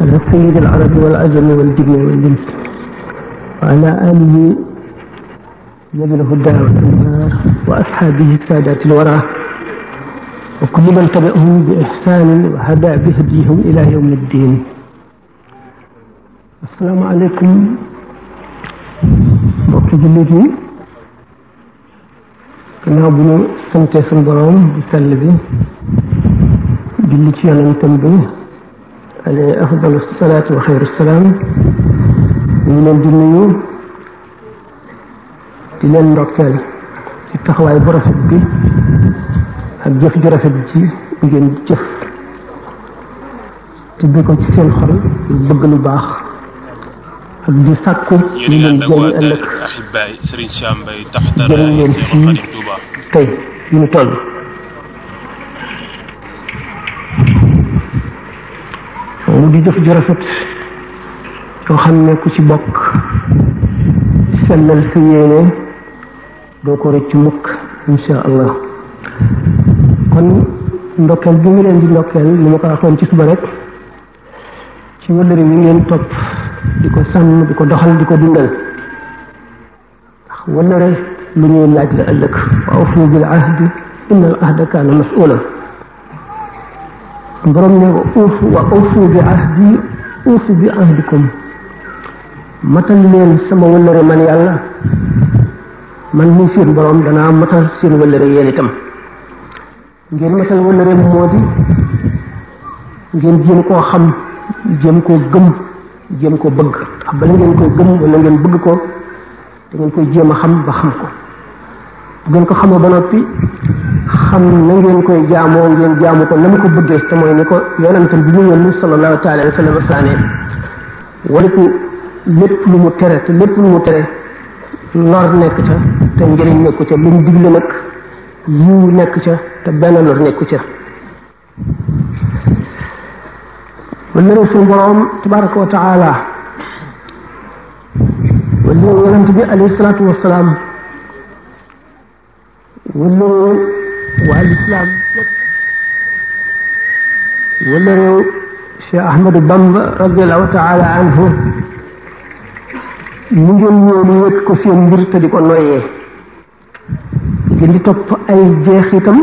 على سيد العرب والعجم والجبن والإنس وعلى آله يبله الدار والأنوار وأصحابه السادات الورى وكل من تبعهم بإحسان وهدى بهديهم إلى يوم الدين السلام عليكم mbokki jullit yi gannaaw bu ñu sante suñu borom bu sell bi julli ci yonentam bi alayhi afdalu salaatu wa xayru salaam ñu ngi leen di nuyu di leen ndokkeel ci taxawaay bu rafet bi ak jëf ju rafet ji ngeen jëf te bi ko ci seen xol bëgg lu baax ak di sàkku li leen jëriñ ëllëg jëriñ leen fii tey yu ñu toll mu di jëf ju rafet yoo xam ne ku ci bokk sellal sa doo ko rëcc mukk insha allah kon ndokkeel bi mu leen di ndokkeel li ma ko ci suba rek ci wëllëri wi ngeen topp di ko sàmm di ko doxal di ko dundal ndax wëllëre lu laaj la ëllëg wa awfu bil ahdi inna al ahda kaana mas'uula borom ne uufu wa uufu bi ahdi uufu bi ahdikum matal leen sama wëllëre man yàlla man muy seen borom danaa matal seen wëllëre yéen itam ngeen matal wëllëre moo di ngeen jéem koo xam jéem koo gëm jéem koo bëgg ndax bala ngeen koy gëm wala ngeen bëgg ko da ngeen koy jéem a xam ba xam ko bu ngeen ko xamoo ba noppi xam na ngeen koy jaamoo ngeen jaamu ko na mu ko bëggee te mooy ni ko yonentam bi ñu yónni sallallahu taala wa sallam saanee lépp lu mu tere te lépp lu mu tere lor nekk ca te njëriñ nekku ca lu mu digle nag yiw nekk ca te benn lor nekku ca wallëre suñu boroom tabaraka wa taala wala yonent bi alayhi salaatu wala réew waa lislaam yëpp wala réew Cheikh Ahmadou taala anhu mu ngeen ñëw wét ko seen di ko noyyee ngeen topp ay jeexitam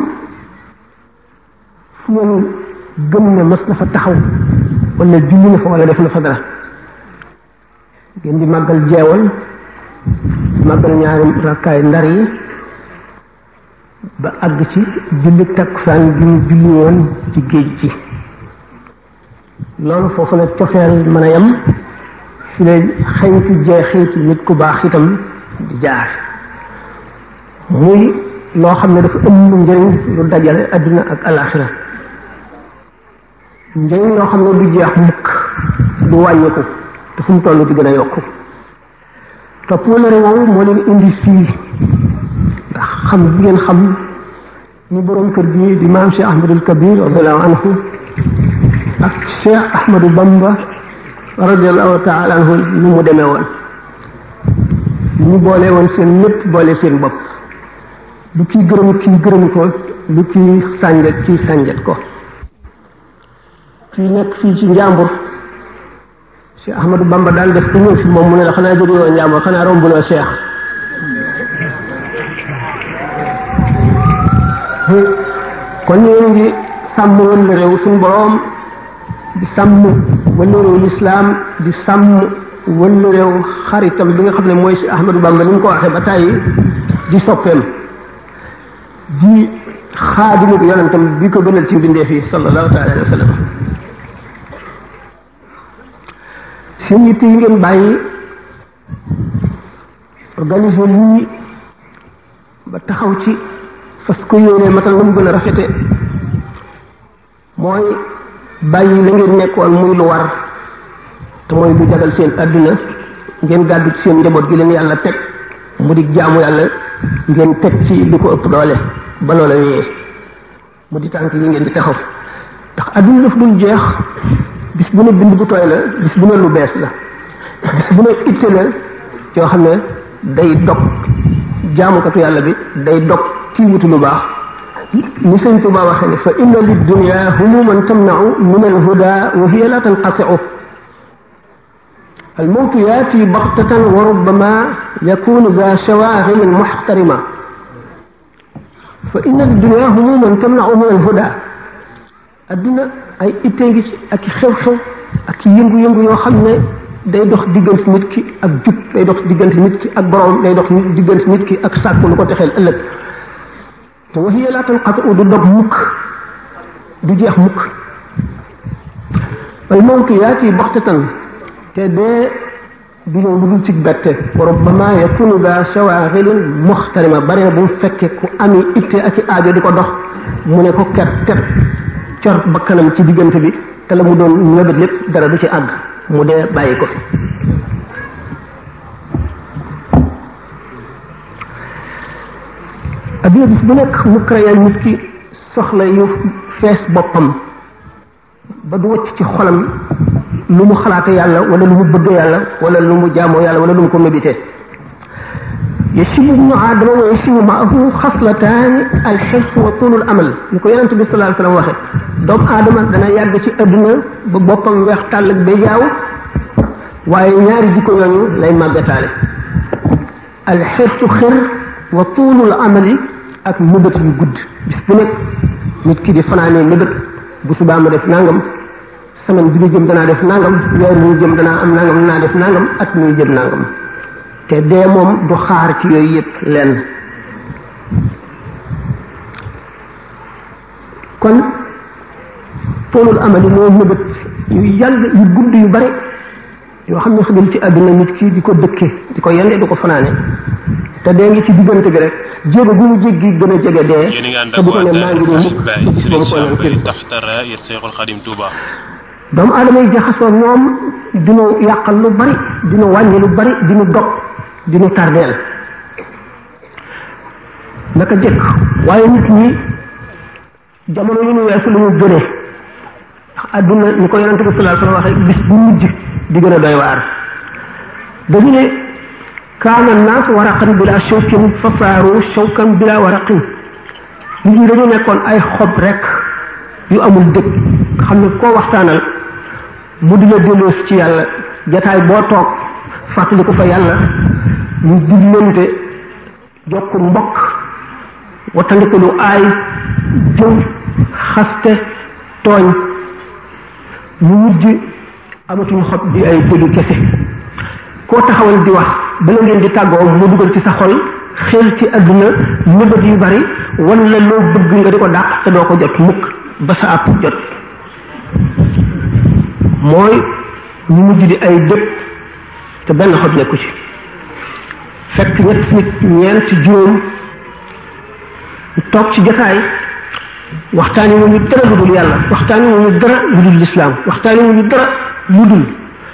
fu ngeen gëm ne fa taxaw wala julli na fa wala def na fa dara ngeen jeewal màggal ñaari rakkaay ndar yi ba àgg ci julli takkusaan bi mu julli woon ci géej gi loolu foofu la cofeel mën a yem fi la xeñtu jeexeeti nit ku baax itam di jaar muy loo xam ne dafa ëmb njëriñ lu dajale àdduna ak alaxira njëriñ loo xam ne du jeex mukk du wàññeeku te fu mu toll di gën a yokku topp wala réew moo leen indi fii ndax xam bi ngeen xam ni borom kër gi di maam Cheikh Ahmadul Kabir radiyallahu anhu ak Cheikh Ahmadou Bamba radiyallahu taala anhu ni mu demee woon ñu boole woon seen lépp boole seen bopp lu kii gërëm kii gërëm ko lu kii sànjet kii sànjet ko kii nekk fii ci njàmbur Cheikh Ahmadou Bamba daal def ku ñëw fi moom mu ne la xanaa jóguloo njàmbur xanaa rombuloo Cheikh ko ñu ngi sàmm wala réew suñu boroom di sàmm wala réew lislaam di sàmm wala réew xaritam bi nga xam ne mooy si Ahmadou Bamba ni ko waxee ba tàyyi di soppeem di xaadimu bi yonentam bi ko gënal ci mbindeef yi yi ngeen bàyyi organiser lii ba taxaw ci fas ko yéenee matal na mu gën a rafete mooy bàyyi la ngeen nekkoon muy lu war te mooy lu jagal seen àdduna ngeen gàddu ci seen njaboot gi leen yàlla teg mu di jaamu yàlla ngeen teg ci lu ko ëpp doole ba loola wéyee mu di tànk yi ngeen di taxaw ndax àdduna daf dul jeex bis bu ne bind bu tooy la bis bu ne lu bees la bis bu ne itte la yoo xam ne day dog jaamukatu yàlla bi day dog kii wuti lu baax ni sëñ Tuba waxee ne fa inna li dunia humuman tamnau min al huda wa hiya la tanqasiu al mawtu yaati baxtatan wa rubbama yakunu za shawaghilin muhtarima fa inna li dunia humuman tamnau min al huda adduna ay ittee ngi ci ak xew-xew ak yëngu-yëngu yoo xam ne day dox diggante nit ki ak jub day dox diggante nit ki ak borom day dox diggante nit ki ak sàkku lu ko texeel ëllëg te waxiya laa tanqatu du dog mukk du jeex mukk al mawqiyaati baxtatan te dee du ñëw lu dul bette wa rubbama yakunu daa muxtarima bari bu mu fekkee ku ami itte ak i aajo di ko dox mu ne ko ker ker ba kanam ci diggante bi te la mu doon ñëbët lépp dara du ci àgg mu dee bàyyi ko ak bis bu nekk mu créé nit ki soxla yu fees boppam ba du wacc ci xolam lu mu xalaate yàlla wala lu mu bëgg yàlla wala lu mu jaamoo yàlla wala lu mu ko médité yasibu ibnu aadama wa yasibu wa tuulul amal ñu bi sallallahu aadama dana yàgg ci adduna ba boppam weex tàll ak ba waaye ñaari jikko yooyu lay màggataale alxirsu xir wa tuulul amali ak mëbët yu gudd bis bu nekk nit ki di fanaanee mëbët bu subaa ma def nangam semaine bi ñu jëm danaa def nangam weer bi jëm danaa am nangam danaa def nangam ak mi jëm nangam te dee moom du xaar ci yooyu yëpp lenn kon toolul amali moo mëbët yu yàgg yu gudd yu bare yoo xam ne xajul ci àdduna nit ki di ko dëkke di ko yande du ko fanaane te dee ngi ci diggante bi rek jéego bu mu jéggi gën a jege dee bu ko ne maa ngi nii mukk si boobu ko naan kër doomu aadama jaxasoo ñoom dinu yàqal lu bari dinu wàññi lu bari dinu dog dinu tardeel naka jëkk waaye nit ñi jamono yu ñu weesu lu ñu gënee adduna ñu ko yonente bi sallallahu alayhi wasallam waxe bis bu mujj di gën a doy waar dañu ne kaana naas waraqan bila shawkin fa saaru shawkan bila waraqin nit ñi nekkoon ay xob rekk yu amul dëkk xam ne ko waxtaanal mu di la delloos ci yàlla jataay boo toog fàttali ko fa yàlla ñu dimlante jokk mbokk wattandiku lu aay jëw xaste tooñ ñu mujj amatuñ xob di ay jëli kese koo taxawal di wax bala ngeen di tàggoo mu dugal ci sa xol xel ci àdduna mëbët yu bari wala loo bëgg nga di ko dàq te doo ko jot mukk ba sa àpp jot mooy ñu mujj di ay dëpp te benn xob nekku ci fekk ñett nit ñeent juróom toog ci jataay waxtaani wu ñu dara lu dul yàlla waxtaani wu ñu dara lu dul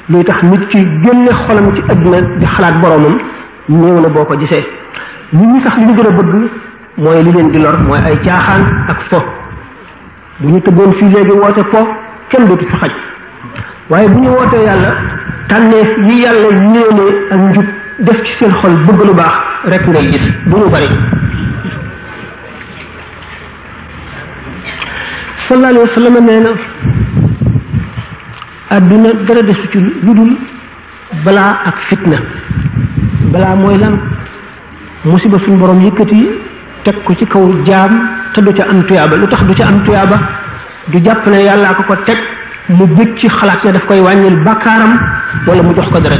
luy tax nit ki génne xolam ci àdduna di xalaat boromam néew na boo ko gisee nit ñi sax li ñu gën a bëgg mooy li leen di lor mooy ay caaxaan ak fo bu ñu tëggoon fii léegi woote fo kenn dootu fi xaj waaye bu ñu wootee yàlla tànneef yi yàlla yéene ak njub def ci seen xol bëgg lu baax rekk ngay gis bu ñu bari sallallahu alayhi nee na adduna dara desu ci lu dul balaa ak fitna balaa mooy lan musiba suñu borom yëkkati teg ko ci kaw jaam te du ca am tuyaaba lu tax du ca am tuyaaba du jàpp ne yàllaa ko ko teg mu bëgg ci xalaat ne daf koy wàññil bàkkaaram wala mu jox ko dara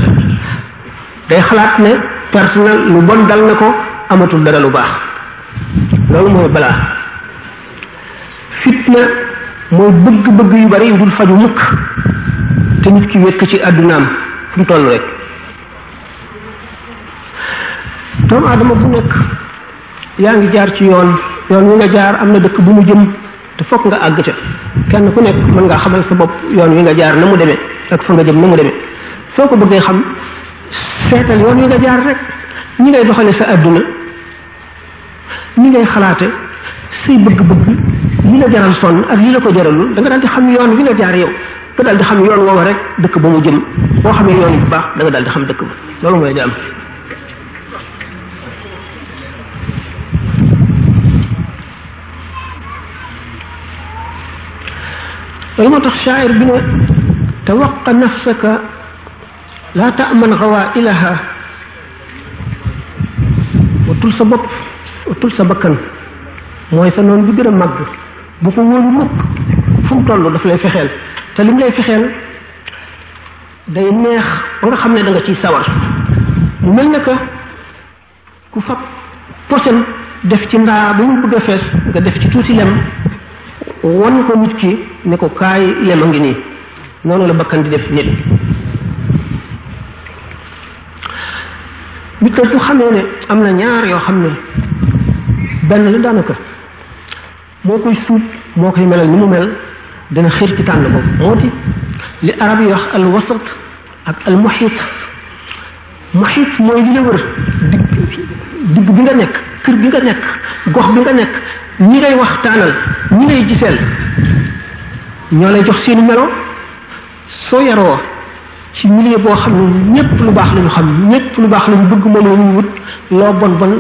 day xalaat ne personnel lu bon dal na ko amatul dara lu baax loolu mooy balaa fitna mooy bëgg-bëgg yu bari yu dul faju mukk te nit ki wékk ci àddunaam fu mu toll rek doomu aadama bu nekk yaa ngi jaar ci yoon yoon wi nga jaar am na dëkk bu mu jëm te fokk nga àgg ca kenn ku nekk mën ngaa xamal sa bopp yoon wi nga jaar na mu demee ak fa nga jëm na mu deme soo ko bëggee xam seetal yoon wi nga jaar rek ñi ngay doxale sa àdduna ñi ngay xalaate si bëgg-bëgg li la jaral sonn ak li la ko jaralul da nga daal di xam yoon wi la jaar yow nga di xam yoon woowa rek dëkk ba mu jëm boo xamee yoon bu baax da nga daal di xam dëkk ba loolu mooy di am loolu moo tax shaayir bi ne tawaqa nafsaka laa taman xawaa ilaha watul sa bopp watul sa bakkan mooy sa noon bi gën a màgg bu ko wóolu mukk fu mu toll daf lay fexeel te lim lay fexeel day neex ba nga xam ne danga nga ciy sawar mu mel ne que ku fab posem def ci ndaa ba mu bëgg a fees nga def ci tuuti lem won ko nit ki ne ko kaay lem a ngi nii noonu la bakkan di def nit nit ko bu xamee ne am na ñaar yoo xam ne benn la daanaka moo koy suub moo koy melal ni mu mel dana xër ci tànn boobu moo di li arab yi wax al wasat ak al muhit muhit mooy li la wër digg digg bi nga nekk kër bi nga nekk gox bi nga nekk ñi ngay waxtaanal ñi ngay giseel ñoo lay jox seeni melo soo yaroo ci milieu boo xam ne ñépp lu baax la xam ñépp lu baax la bëgg moom la ñu wut loo bon bon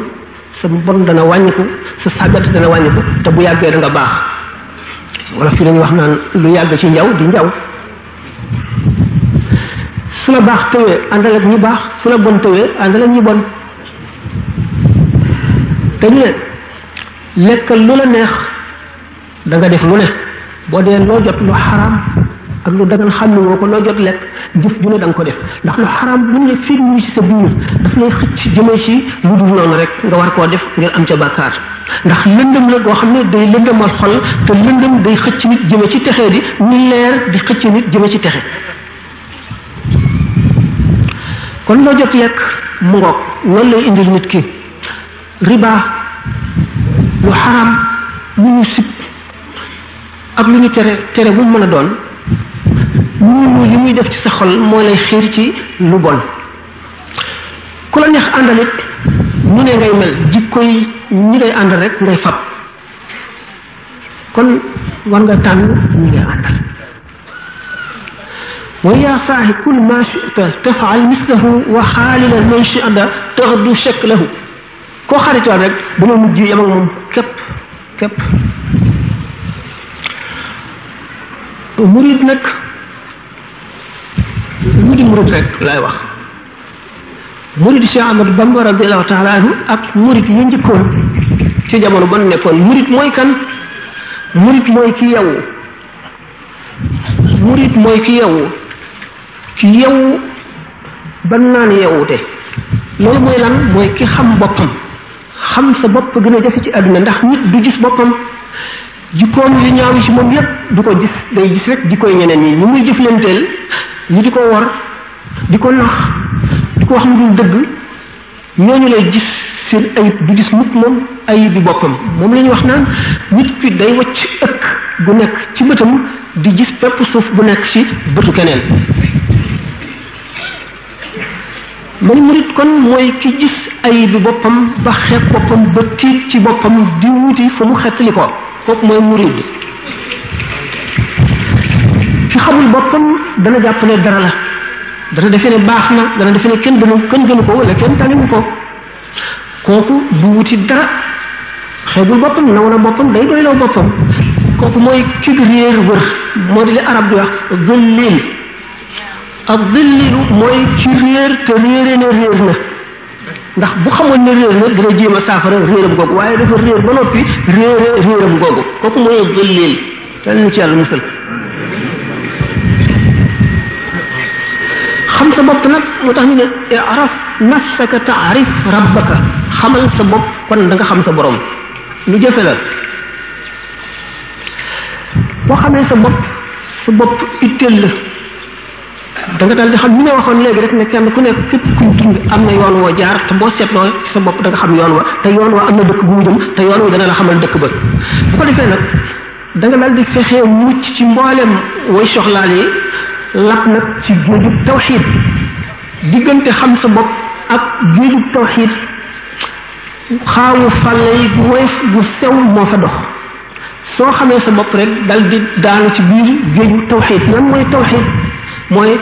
sa bon dana wàññiku sa sàggat dana wàññiku te bu yàggee da nga baax wala fii dañuy wax naan lu yàgg ci njaw di njaw su la baax tëwee àndal ak ñi baax su la bon tëwee àndal ñi bon te ñu ne lekk lu la neex danga def lu ne boo dee loo jot lu xaraam lu lu xam xàmme woo ko loo jot lekk jëf ju ne da ko def ndax lu xaraam bu ne fiig mu ci ci lu dul rek nga koo def ngir am ca bàkkaar ndax lëndëm la goo xam ne day lëndëmal xol te lëndëm day xëcc nit jëme ci texe di ni leer di xëcc nit jëme ci texe kon loo jot lekk mu ngoog loolu nit ki riba lu xaraam lu ñu sib ak lu ñu tere tere bu mën a doon li muy def ci sa xol moo lay xiir ci lu bon ku la neex àndal mu ne ngay mel jikko ñi ngay àndal rek ngay fab kon war nga tànn ñi ngay àndal wa yaa saaxi kul ma chita tafaal mislahu wa xaalila man chita taxdu shaklahu koo xaritoon rek dañoo mujj yam moom képp képp murid nag mu di murid rek laay wax murid Cheikh Ahmad Bamba radiallahu taala anhu ak murid yi njëkkoon ci jamono ban nekkoon murid mooy kan murid mooy ki yow murid mooy ki yow ki yow ban naan yowute loolu mooy lan mooy ki xam boppam xam sa bopp gën a jafe ci àdduna ndax nit du gis boppam jikkoom yu ñaaw yi ci moom yépp du ko gis day gis rek jikkoy ñeneen ñi ñu muy jëflanteel ñi di ko wor di ko nax di ko wax lu dul dëgg ñooñu lay gis seen ayib du gis mukk moom ayib bi boppam moom la ñuy wax naan nit ki day wacc ëkk gu nekk ci bëtam di gis pepp suuf bu nekk ci bëtu keneen man murit kon mooy ki gis ayib bi boppam ba xeeb boppam ba tiit ci boppam di wuti fa mu xettali ko kooku mooy murit bi ki xamul boppam dana jàpp ne dara la dana defe ne baax na dana defe ne kenn gënu kenn gënu ko wala kenn tànnewu ko kooku bu wuti dara xeebul boppam naw na boppam day doyloo boppam kooku mooy ki réer wër moo di li arab bi wax dëlliil ak réer te réere réer bu xamoon ne réer na dina a saafara réeram googu ba noppi réere kooku mooy dëlliil te nu ci yàlla xam sa bopp nag moo tax ñu ne iraf e, nafsaka taarif rabbaka xamal sa bopp kon da nga xam sa borom lu jëfe la boo xamee sa bopp sa bopp itteel la da nga daal di waxoon léegi rek ne kenn ku nekk képp am na yoon jaar te boo seetloo sa bopp da nga yoon wa te yoon am na dëkk te yoon dana la xamal dëkk ba ko defee nag da nga di fexee mucc ci mboolem way soxlaal yi lab nag ci géejub tawxiid diggante xam sa bopp ak géejub tawxiid xaawu fàlle yi bu woyof bu sew moo fa dox soo xamee sa bopp rek dal di daanu ci biir géeju tawxiid lan mooy tawxiid mooy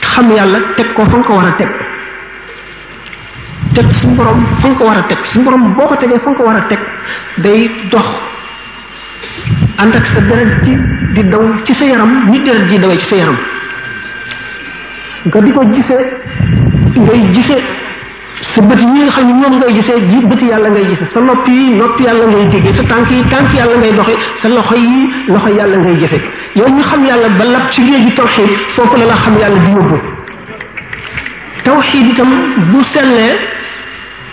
xam yàlla teg ko fa nga ko war a teg teg suñu borom fa nga ko war a teg suñu borom boo ko tegee fa nga ko war a teg day dox ànd ak sa deret ji di daw ci sa yaram ni deret ji dawee ci sa yaram nga di ko gisee ngay gisee sa bët yi nga xam ne moom ngay gisee ji bët yàlla ngay gisee sa nopp yi nopp yàlla ngay déggee sa tànk yi tànk yàlla ngay doxee sa loxo yi loxo yàlla ngay jëfe yow ñu xam yàlla ba lab ci léegi tawxid foofu la la xam yàlla di yóbbu tawxid itam bu sellee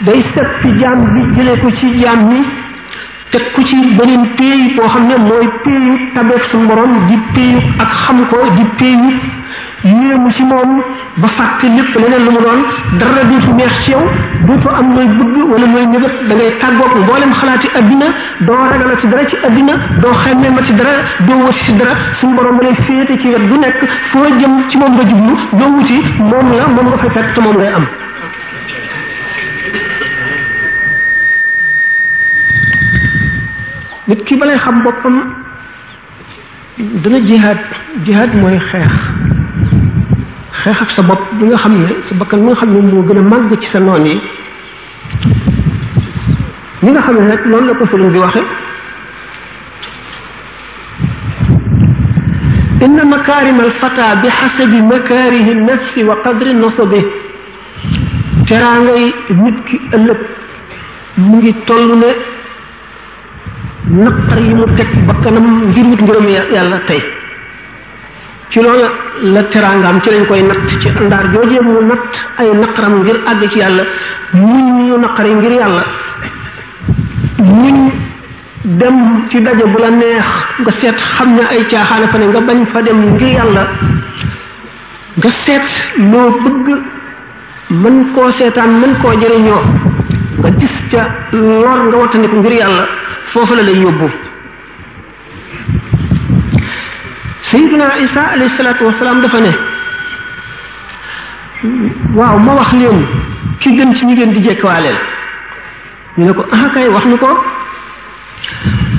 day set ci bi jëlee ko ci jaam ni teg ku ci beneen péey boo xam ne mooy péeyu tabeef suñu borom di péeyu ak xam ko di péeyu yéemu ci moom ba fàtte lépp leneen lu mu doon dara du fu neex ci yow dootu am nooy bëgg wala nooy nëbët da ngay tàggoog mboolem xalaati addina doo ragal ci dara ci addina doo xemmee ma ci dara doo wasi ci dara suñu borom ba lay féete ci wet du nekk foo jëm ci moom nga jublu doo wuti moom la moom nga fay fekk te moom ngay am nit ki balay xam boppam dana jihaad jihaad mooy xeex xeex ak sa bopp bi nga xam ne sa bakkan bi nga xam ne moo gën a màgg ci sa noon yi ñi nga xam ne nag loolu la ko sëriñ bi waxe inna makarim alfata bi xasabi makarihi nafsi wa qadri nasabi teraangay nit ki ëllëg mu ngi toll ne naqar yi mu teg bakkanam ngir wut ngërëm yàlla tey ci loolu la teraangaam ci lañ koy natt ci ndaar joojee mu natt ay naqaram ngir àgg ci yàlla muñ ñu naqar yi ngir yàlla muñ dem ci daje bu la neex nga seet xam ne ay caaxaane fa ne nga bañ fa dem ngir yàlla nga seet loo bëgg mën koo seetaan mën koo jëriñoo nga gis ca lor nga wattandiku ngir yàlla foofu la lay yóbbu sayyidina isa alayhi salaatu wasalaam dafa ne waaw ma wax leen ki gën ci ñu ngeen di jekkawaaleel ñu ne ko ah kay wax ñu ko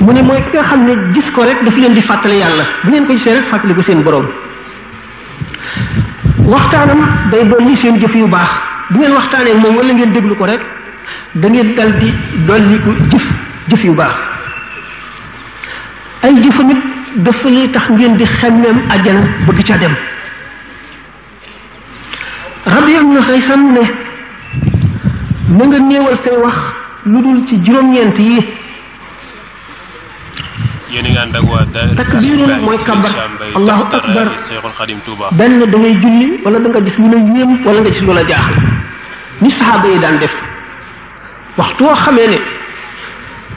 mu ne mooy ki nga xam ne gis ko rek daf leen di fàttali yàlla bu ngeen ko gisee rek fàttaliku seen borom waxtaanam day dolli seen jëf yu baax bu ngeen waxtaanee moom wala ngeen déglu ko rek da ngeen dal di dolliku jëf jëf yu baax ay jëfam it dafa lay tax ngeen di xemmeem àjjana bëgg ca dem Rabi ibnu Xaysam ne na nga néewal say wax lu dul ci juróom-ñeent yi yéen a waa takbiir mooy kabar allahu akbar benn da ngay julli wala da nga gis lu la yéem wala nga gis lu la ni saxaaba yi daan def waxtu woo ne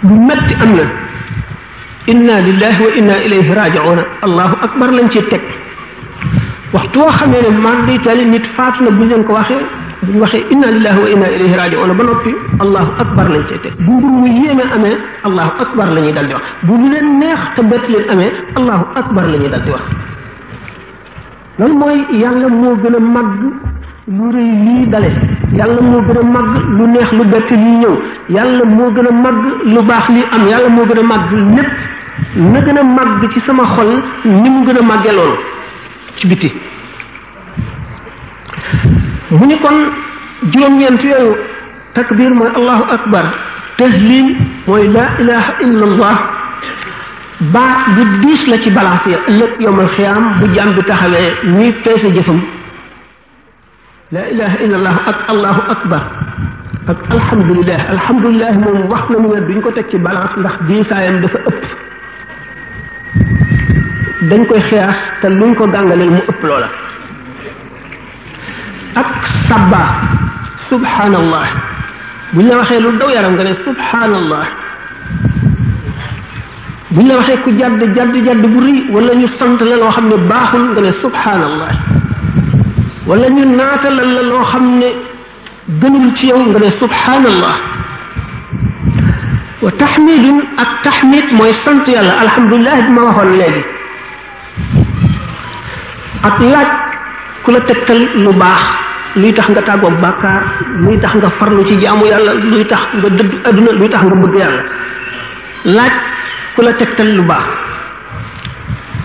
bu metti am na inna lillahi wa inna ilayhi raji'una allahu akbar lañ ci teg waxtu woo xamee ne man day tali nit faatu na bu ñu leen ko waxee bu ñu waxee inna lillahi wa inna ilayhi raji'una ba noppi allahu akbar lañ ci teg bu mbir mu yéeme amee allahu akbar la ñuy dal di wax bu lu leen neex te bett leen amee allahu akbar la ñuy dal di wax loolu mooy yàlla moo gën a màgg lu rëy lii dale yàlla moo gën a màgg lu neex lu bett liy ñëw yàlla moo gën a màgg lu baax li am yàlla moo gën a màgg lépp na gën a màgg ci sama xol ni mu gën a màggee lool ci biti mu ni kon juróom-ñeent yooyu takbir mooy allahu akbar tahlim mooy laa ilaha illa allah baat diis la ci balance ya ëllëg yowmal xiyaam bu jàmm bi taxawee ñuy peese jëfam laa ilaha illa allah ak allahu akbar ak alhamdulilah alhamdulilah moom wax nañu ne duñ ko teg ci balance ndax diisaayam dafa ëpp dañ koy xeex te luñ ko gàngaleel mu ëpp loola ak sabba subhanallah buñ la waxee lu daw yaram nga ne subhanallah buñ la waxee ku jàdd jàdd jàdd bu rëy wala ñu sant la loo xam ne baaxul nga ne subhanallah wala ñu naatalal la loo xam ne gënul ci yow nga ne subhanallah wa taxmidun ak taxmid mooy sant yàlla alhamdulilah bi ma waxoon léegi ak laaj ku la tegtal lu baax luy tax nga tàggoo bàkkaar luy tax nga farlu ci jaamu yàlla luy tax nga dëdd adduna luy tax nga bëgg yàlla laaj ku la tegtal lu baax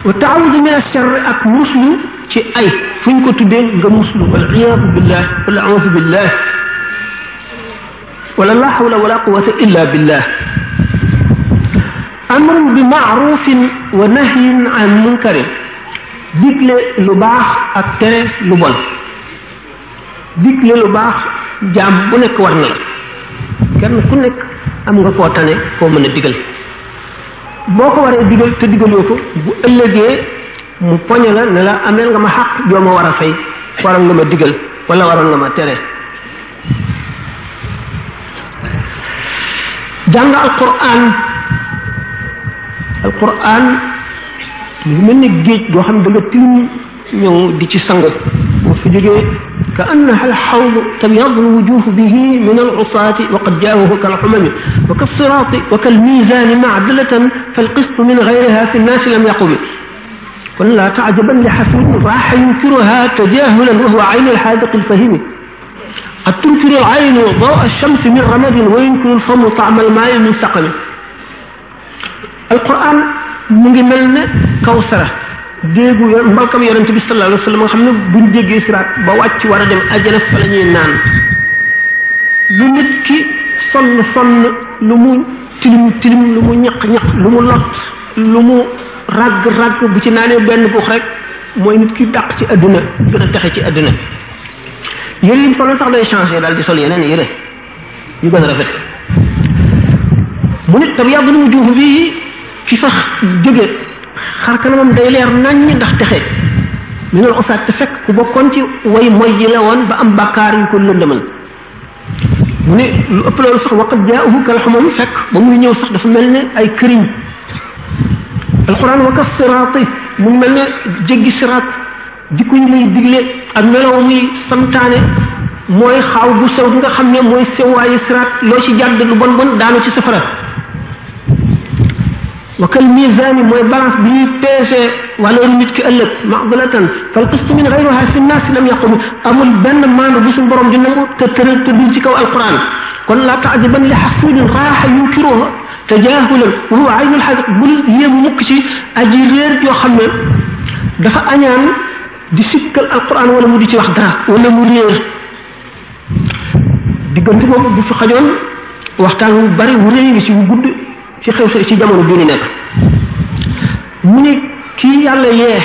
wa taawudu min ashar ak muslu ci ay fu ñu ko tuddee nga muslu wal iyaadu billah wal audu la hawla wala quwata illa billah amrun bi maarufin wa nahyin an munkarin digle lu baax ak tere lu bon digle lu jaam bu nekk war na la kenn ku nekk am nga koo tane koo mën a digal boo ko waree digal te digaloo ko bu mu poñe la ne la ameel nga ma xaq joo ma war a fay waroon nga ma digal wala waroon nga ma tere jàng alquran alquran lu mel ni géej goo xam ne da nga tilim ñëw di ci sangu boo fi jógee ka annaha alxawdu tabyadu alwujuhu bihi min alusaati wa qad jaawuhu kalxumami wa kalsiraati wa kalmizaani maa adlatan falqistu min gayriha fi nnaasi lam yaqu bi kon laa taajaban li xasmin raaxa yunkiruha tajahulan wa huwa aynu alxaadiqi alfahimi qad tunkiru alaynu daw alchamsi min ramadin wa yunkiru lfamu taama almaayi min saqami alquran mu ngi mel ne kawsara déggu mbalkam yonente bi sallallahu alayhi wa sallam nga xam ne buñ jéggee siraat ba wàcc war a dem àjjana fa la ñuy naan lu nit ki sonn sonn lu mu tilim tilim lu mu ñaq ñaq lu mu lot lu mu ràgg ràgg bu ci naanee benn buux rek mooy nit ki dàq ci àdduna gën a texe ci àdduna yére yi mu soloon sax day changé daal di sol yeneen yére yu gën a rafet mu nit tam yàgg na mu juuf bi fi sax jóge xar kanamam day leer naññ ndax texe mi ngi la te fekk ku bokkoon ci way moy ji la woon ba am bàkkaar yu ko lëndëmal mu ne lu ëpp loolu sax waqat jaa uhu kal xamam fekk ba muy ñëw sax dafa mel ne ay këriñ alquran wa ka siraati mu mel ne jéggi siraat jikko yi muy digle ak melaw muy santaane mooy xaaw bu sew bi nga xam ne mooy sewaayu siraat loo ci jàdd lu bon bon daanu ci safara wa kal misaani mooy balance bi ñuy peese valeur nit ki ëllëg ma'dalatan fal qist min ghayriha fi nnaas lam yaqum amul benn maandu bu suñu borom di nangu te tëral te dul ci kaw alquran kon la taajiban li xasuudin raaxa yukiruha te jaahulan huwa aynul xaq mukk ci aji réer yoo xam ne dafa añaan di sikkal alquran wala mu di ci wax dara wala mu réer diggante boobu bu fi xajoon waxtaan wu bari wu réy ngi ci wu gudd ci xew ci jamono bii ñu nekk mu ne kii yàlla yee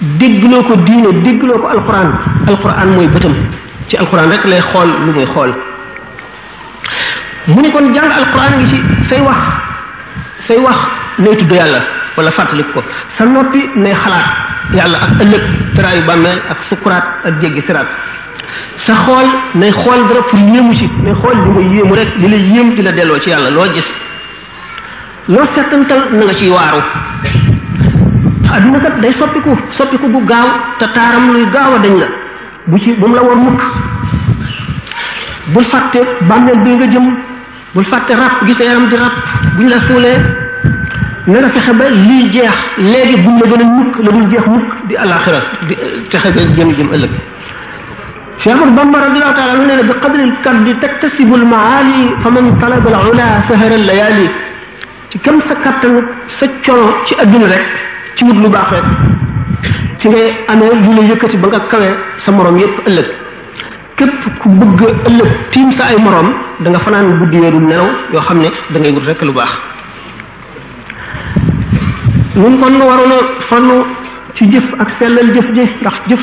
déggloo ko diine déggloo ko alquran alquran mooy bëtam ci alquran rek lay xool lu muy xool mu ni kon jàng alquran ngi ci say wax say wax nay tudd yàlla wala fàttalik ko sa noppi nay xalaat yàlla ak ëllëg taraayu bàmmeel ak sukuraat ak jéggi siraat sa xool nay xool dara pour yéemu ci nay xool li nga yéemu rek li la yéem di la delloo ci yàlla loo gis loo seetantal na nga ciy waaru adduna kat day soppiku soppiku bu gaaw te taaram luy gaaw a dañ la bu ci bu mu la war mukk bul fàtte bàmmeel bi nga jëm bul fàtte ràpp gi sa yaram di ràpp buñ la suulee ne la fexe ba lii jeex léegi buñ la gën a mukk la dul jeex mukk di alaxira di eh, fexe ba jëm jëm ëllëg Cheikh Ahmad Bamba radiallahu taala anhu nee na bi qadril kaddi taktasibu lmaali fa man talaba al ula sahara layaali ci kam sa kattanu sa coono ci adduna rek ci wut lu baax rek ci ngay amee lu la yëkkati ba nga kawee sa morom yépp ëllëg képp ku bëgg ëllëg tiim sa ay morom da nga fanaan guddi yooyu nelaw yoo xam ne dangay ngay wut rek lu baax ñun kon waroon a farlu ci jëf ak sellal jëf ji ndax jëf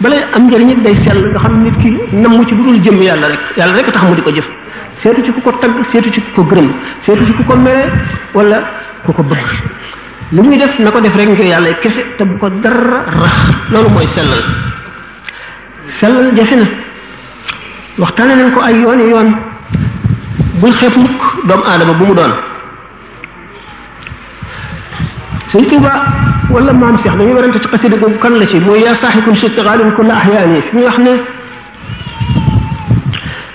bala am njëriñ it day sell nga xam nit ki namm ci bu dul jëm yàlla rek yàlla rek tax mu di ko jëf seetu ci ku ko tagg seetu ci ku ko gërëm seetu ci ku ko mere wala ku ko bëgg lu muy def na ko def rek ngir yàlla kese te bu ko dara rax loolu mooy sellal sellal jafe waxtaane nañ ko ay yoon yoon bul xeeb mukk doomu aadama bu mu doon Sëñ Tuuba wala maam Cheikh dañuy warante ci xasida googu kan la ci mooy yaa saaxikun shittiqaalin kulla ahyaani fi muy wax ne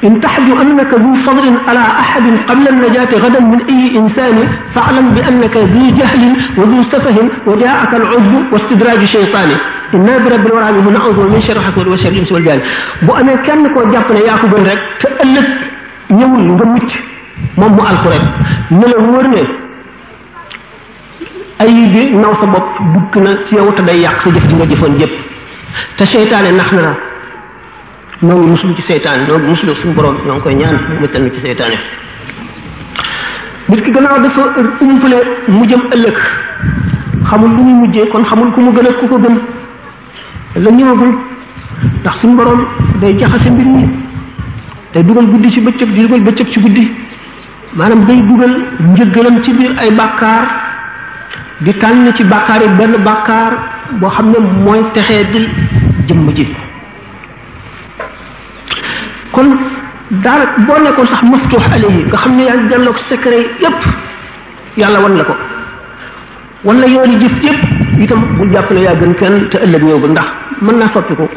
in taxju annaka du fadlin ala ahadin qabla annajaati gadan min ayi insani faalam bi annaka du jahlin wa du safahin wa jaaka al ujbu wa istidraaju sheytaani inna bi rabbil waraa bi mun audu min sharri xasuudi wa sharri insi wal jaani bu amee kenn koo jàpp ne yaa ko gën rek te ëllëg ñëwul nga mucc moom mu alku rek ne la wóor ne ayib bi naw sa bopp dugg na ci yow te day yàq sa jëf ji nga jëfoon jëpp te seytaane nax na la ñoo ngi musulu ci seytaane ñoo ngi musulu suñu borom ñoo koy ñaan mu tal ci seytaane nit ki gannaaw dafa umpale mu jëm ëllëg xamul lu muy mujjee kon xamul ku mu gën a ku ko gën la ñëwagul ndax suñu borom day jaxase mbir mi day dugal guddi ci bëccëg di dugal bëccëg ci guddi maanaam day dugal njëggalam ci biir ay bàkkaar di tànn ci bàkkaar yi benn bàkkaar boo xam ne mooy texee dil jëmm ji kon daal boo nekkoon sax maftuux alayhi nga xam ne yaa ngi jàlloog secret yépp yàlla wan la ko wan la yoon yi jëf yépp itam bul jàpp ne yaa gën kenn te ëllëg ñëw ba ndax mën naa soppi ko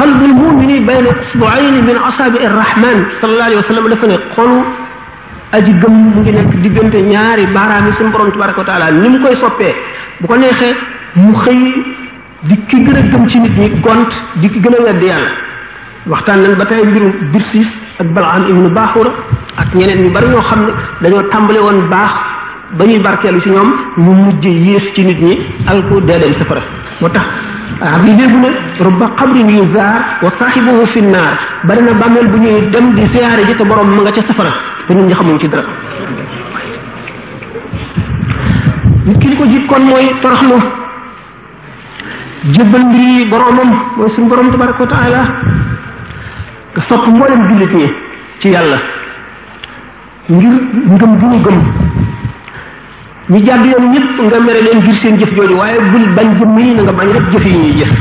qalbu lmumini bayna usbuayni min asaabi rrahman sallallahu alayhi wa sallam dafa ne xolu aji gëm mu ngi nekk diggante ñaari baaraami suñu borom tabaraka wa taala ni mu koy soppee bu ko neexee mu xëy di ki gën a gëm ci nit ñi gont di ki gën a wedd yàlla waxtaan nañ ba tey mbirum Birsiis ak Balaam ibnu Baaxura ak ñeneen ñu bari ñoo xam ne dañoo tàmbali woon baax ba ñuy barkeelu ci ñoom ñu mujj yées ci nit ñi alko dee dem safara moo tax abidé bu ne rubba xabrin yuzaar wa saaxibuhu fi naar bari na bàmmeel bu ñuy dem di siyaare ji te borom ma nga ca safara te nit ñi xamuñ ci dara nit ki li ko kon mooy toroxlu jébbal mbir yi boromam mooy suñu borom tabaraka wa taala nga mboolem jullit ñi ci yàlla ngir ngëm bu ñu gëm ñu jàdd yoon ñëpp nga mere leen ngir seen jëf jooju waaye bul bañ jëmm yi na nga bañ rek jëf yi ñuy jëf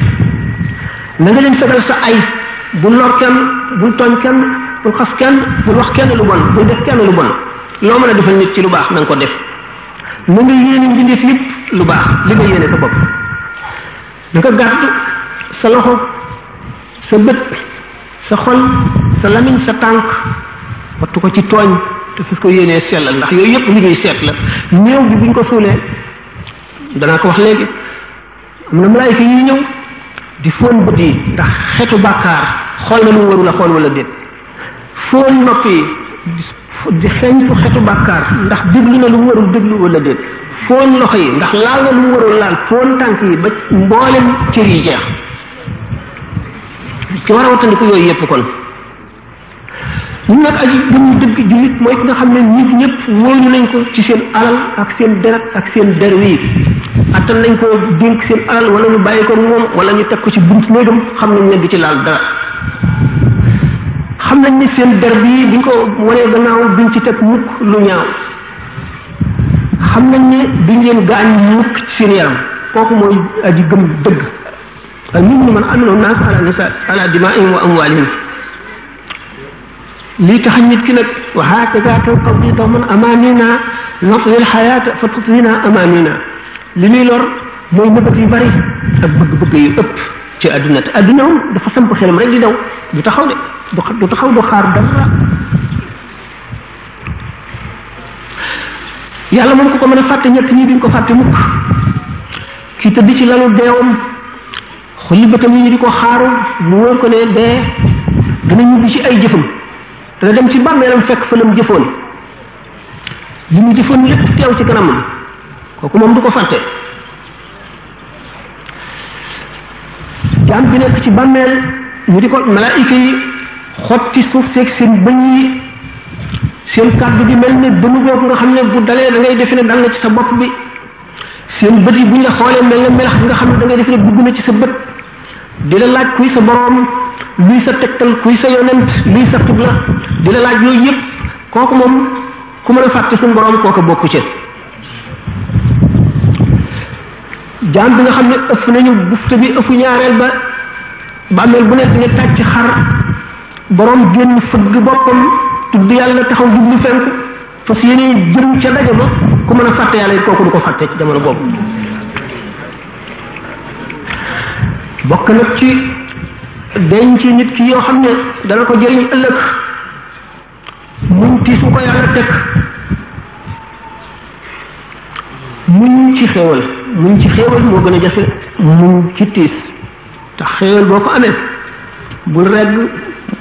na nga leen fegal sa ay bul lor kenn bul tooñ kenn bul xas kenn bul wax kenn lu bon bul def kenn lu bon loo mën a defal nit ci lu baax na ko def na nga yéene mbindeef yëpp lu baax li nga yéene sa bopp na nga sa loxo sa bët sa xol sa lamiñ sa tànk wattu ko ci tooñ te fas ko yéenee sellal ndax yooyu yëpp li ñuy seet la néew bi buñ ko suulee danaa ko wax léegi am na malaayika yuy ñëw di foon bët yi ndax xetu bàkkaar xool na lu mu warul a xool wala déet fóon nopp yi di ndax déglu na lu mu warul déglu wala déet fóon loxo yi ndax laal na lu warul laal fóon tànk yi ba mboolem cër yi jeex ci war a wattandiku yooyu yëpp kon ñun nag aji gëm ñu dëgg mooy ki nga xam ne nit ñëpp wóolu nañ ko ci seen alal ak seen deret ak seen derw yi attan nañ ko dénk seen alal wala ñu bàyyi ko wala ñu teg ko ci bunt néegam xam nañ ne du ci laal dara nañ ni seen der bi bi ko wanee gannaaw duñ ci teg mukk lu xam nañ ne duñ leen gaañ mukk ci seen yaram kooku mooy aji gëm dëgg al mu'minu man amila an-nas ala nisa ala dima'ihim lii tax nit ki nag wa hakaza tanqadi daman amanina natwil xayaata fa tutwina amanina li ñuy lor mooy mëbët yu bari ak bëgg-bëgg yu ëpp ci àdduna te àdduna moom dafa samp xelam rek di daw du taxaw de du taxaw du xaar dara yàlla moom ko ko mën a fàtte ñett ñi duñ ko fàtte mukk ki tëdd ci lalu deewam xulli bëtam yi ñu di ko xaaru mu wóor ko ne dee dana ñibbi ci ay jëfam dana dem ci bàmmeelam fekk fa lam jëfoon li mu jëfoon lépp teew ci kanamam kooku moom du ko fàtte jaam bi nekk ci bàmmeel ñu di ko malaayika yi xotti suuf seeg seen bëñ yi seen kàddu gi mel ne dënnu googu nga xam ne bu dalee da ngay defe ne dal na ci sa bopp bi seen bët yi bu ñu la xoolee mel nga xam ne da ngay defe ne dugg na ci sa bët di la laaj kuy sa boroom luy sa tegtal kuy sa yonent luy sa xibla di la laaj yooyu yëpp kooku moom ku mën a fàtte suñu borom kooku bokku ci jaam bi nga xam ne ëff nañu bufta bi ëffu ñaareel ba bàmmeel bu nekk nga tàcc xar borom génn fëgg boppam tudd yàlla taxaw jublu fenk fas yéene jëm ca daje ba ku mën a fàtte yàlla it kooku du ko fàtte ci jamono boobu bokk nag ci ci nit ki yoo xam ne dana ko jëriñ ëllëg muñ ci fu ko yàlla teg muñ ci xéewal muñ ci xéewal moo gën a jafe muñ ci tiis te xéewal boo ko amee bul regg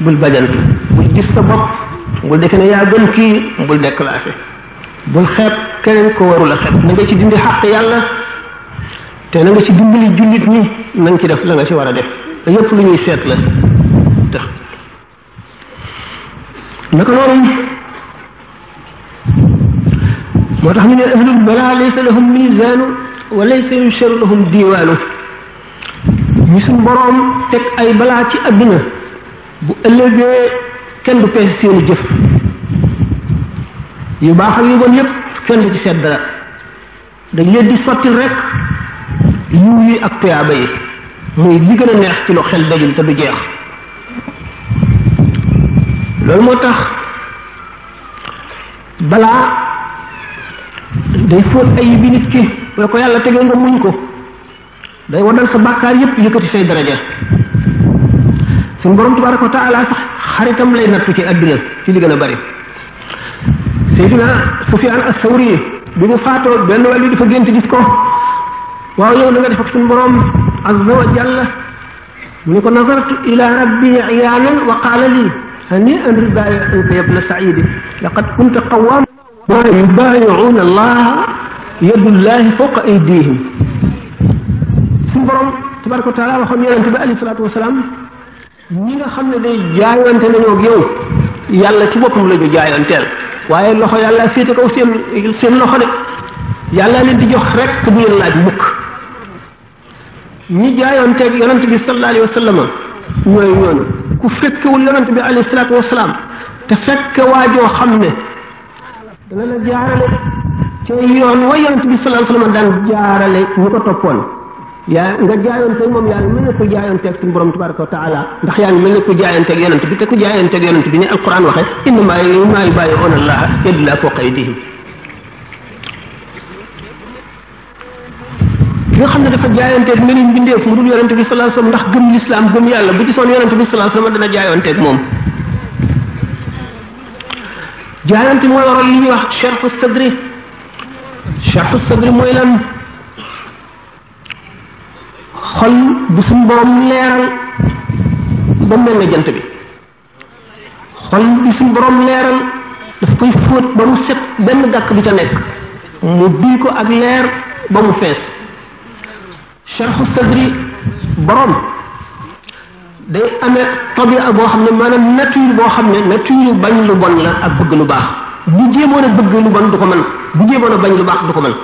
bul bajal bul gis sa bopp bul defe ne yaa gën kii bul déclassé bul xeeb keneen ko warul a xeeb na nga ci dindi xàq yàlla te na ci ci dimbali jullit ñi na nga ci def la ci war a def te lépp lu ñuy seet la tax naka noonu moo tax ñu ne ahlul balaa laysa lahum misaanu wa laysa yusharu lahum diwaanu ñi ay balaa ci àdduna bu ëllëgee kenn du peese seeni baax a yu bon yépp kenn du ci seet dara dañ leen di sotti muy li gën a ci lu xel dajul te du jeex loolu moo tax balaa day fóot ay bi nit ki boo ko yàlla tegee nga muñ ko day waddal sa bàkkaar yépp yëkkati say daraja suñ borom tabaraka wa taala sax xaritam lay nattu ci àdduna ci li gën a bari Seydina Sufyaan as-Sawri bi mu faatoo benn wàll yi dafa gént gis ko waaw yow na nga def ak azza wa jalla mu ne ko nazartu ila rabbi iyaanan wa qaala lii hani amri baayi anka yabna saidi laqad kunta qawaama ma yubaayicuuna allaha yadullahi fawqa aydihim suñu borom tabaraka wa taala waxoon yonente bi alayhi salaatu wasalaam ñi nga xam ne day jaayante nañoo ak yow yàlla ci boppam la ñu jaayanteel waaye loxo yàlla féete kaw seen seen loxo de yàlla leen di jox rek te bu leen laaj mukk ñi jaayoon yonent bi sallallahu alayhi wa sallam ñooy ñooñu ku fekkewul yonent bi alayhi salaatu wa salaam te fekk waajoo xam ne dana la jaarale ci yoon wa yonent bi sallallahu alayhi wa sallam daan jaarale ñu ko toppoon yaa nga jaayoonteeg moom yaa ngi mel ne ku jaayoonteeg suñu borom tabaraka wa taala ndax yaa ngi mel ne ku bi te ku jaayoonteeg yonent bi ne alquran waxe innamaa yubayi'uuna bi nga xam ne dafa jaayanteeg meneen bindeef mu dul yonente bi sallallahu alayhi wasallam ndax gëm lislaam gëm yàlla bu gisoon yonente bi sallallahu alayhi wasallam dana jaayanteeg moom jaayante mooy waral li ñuy wax sharhu sadri sharhu sadri mooy lan xol bu suñ borom leeral ba mel ne jant bi xol bi suñ borom leeral daf koy fóot ba mu set benn gàkk bi ca nekk mu duy ko ak leer ba mu fees sharxu sadri borom day amee tabia boo xam ne maanaam nature boo xam ne nature bañ lu bon la ak bëgg lu baax bu jéemoon a bëgg lu bon du ko mën bu jéemoon a bañ lu baax du ko mën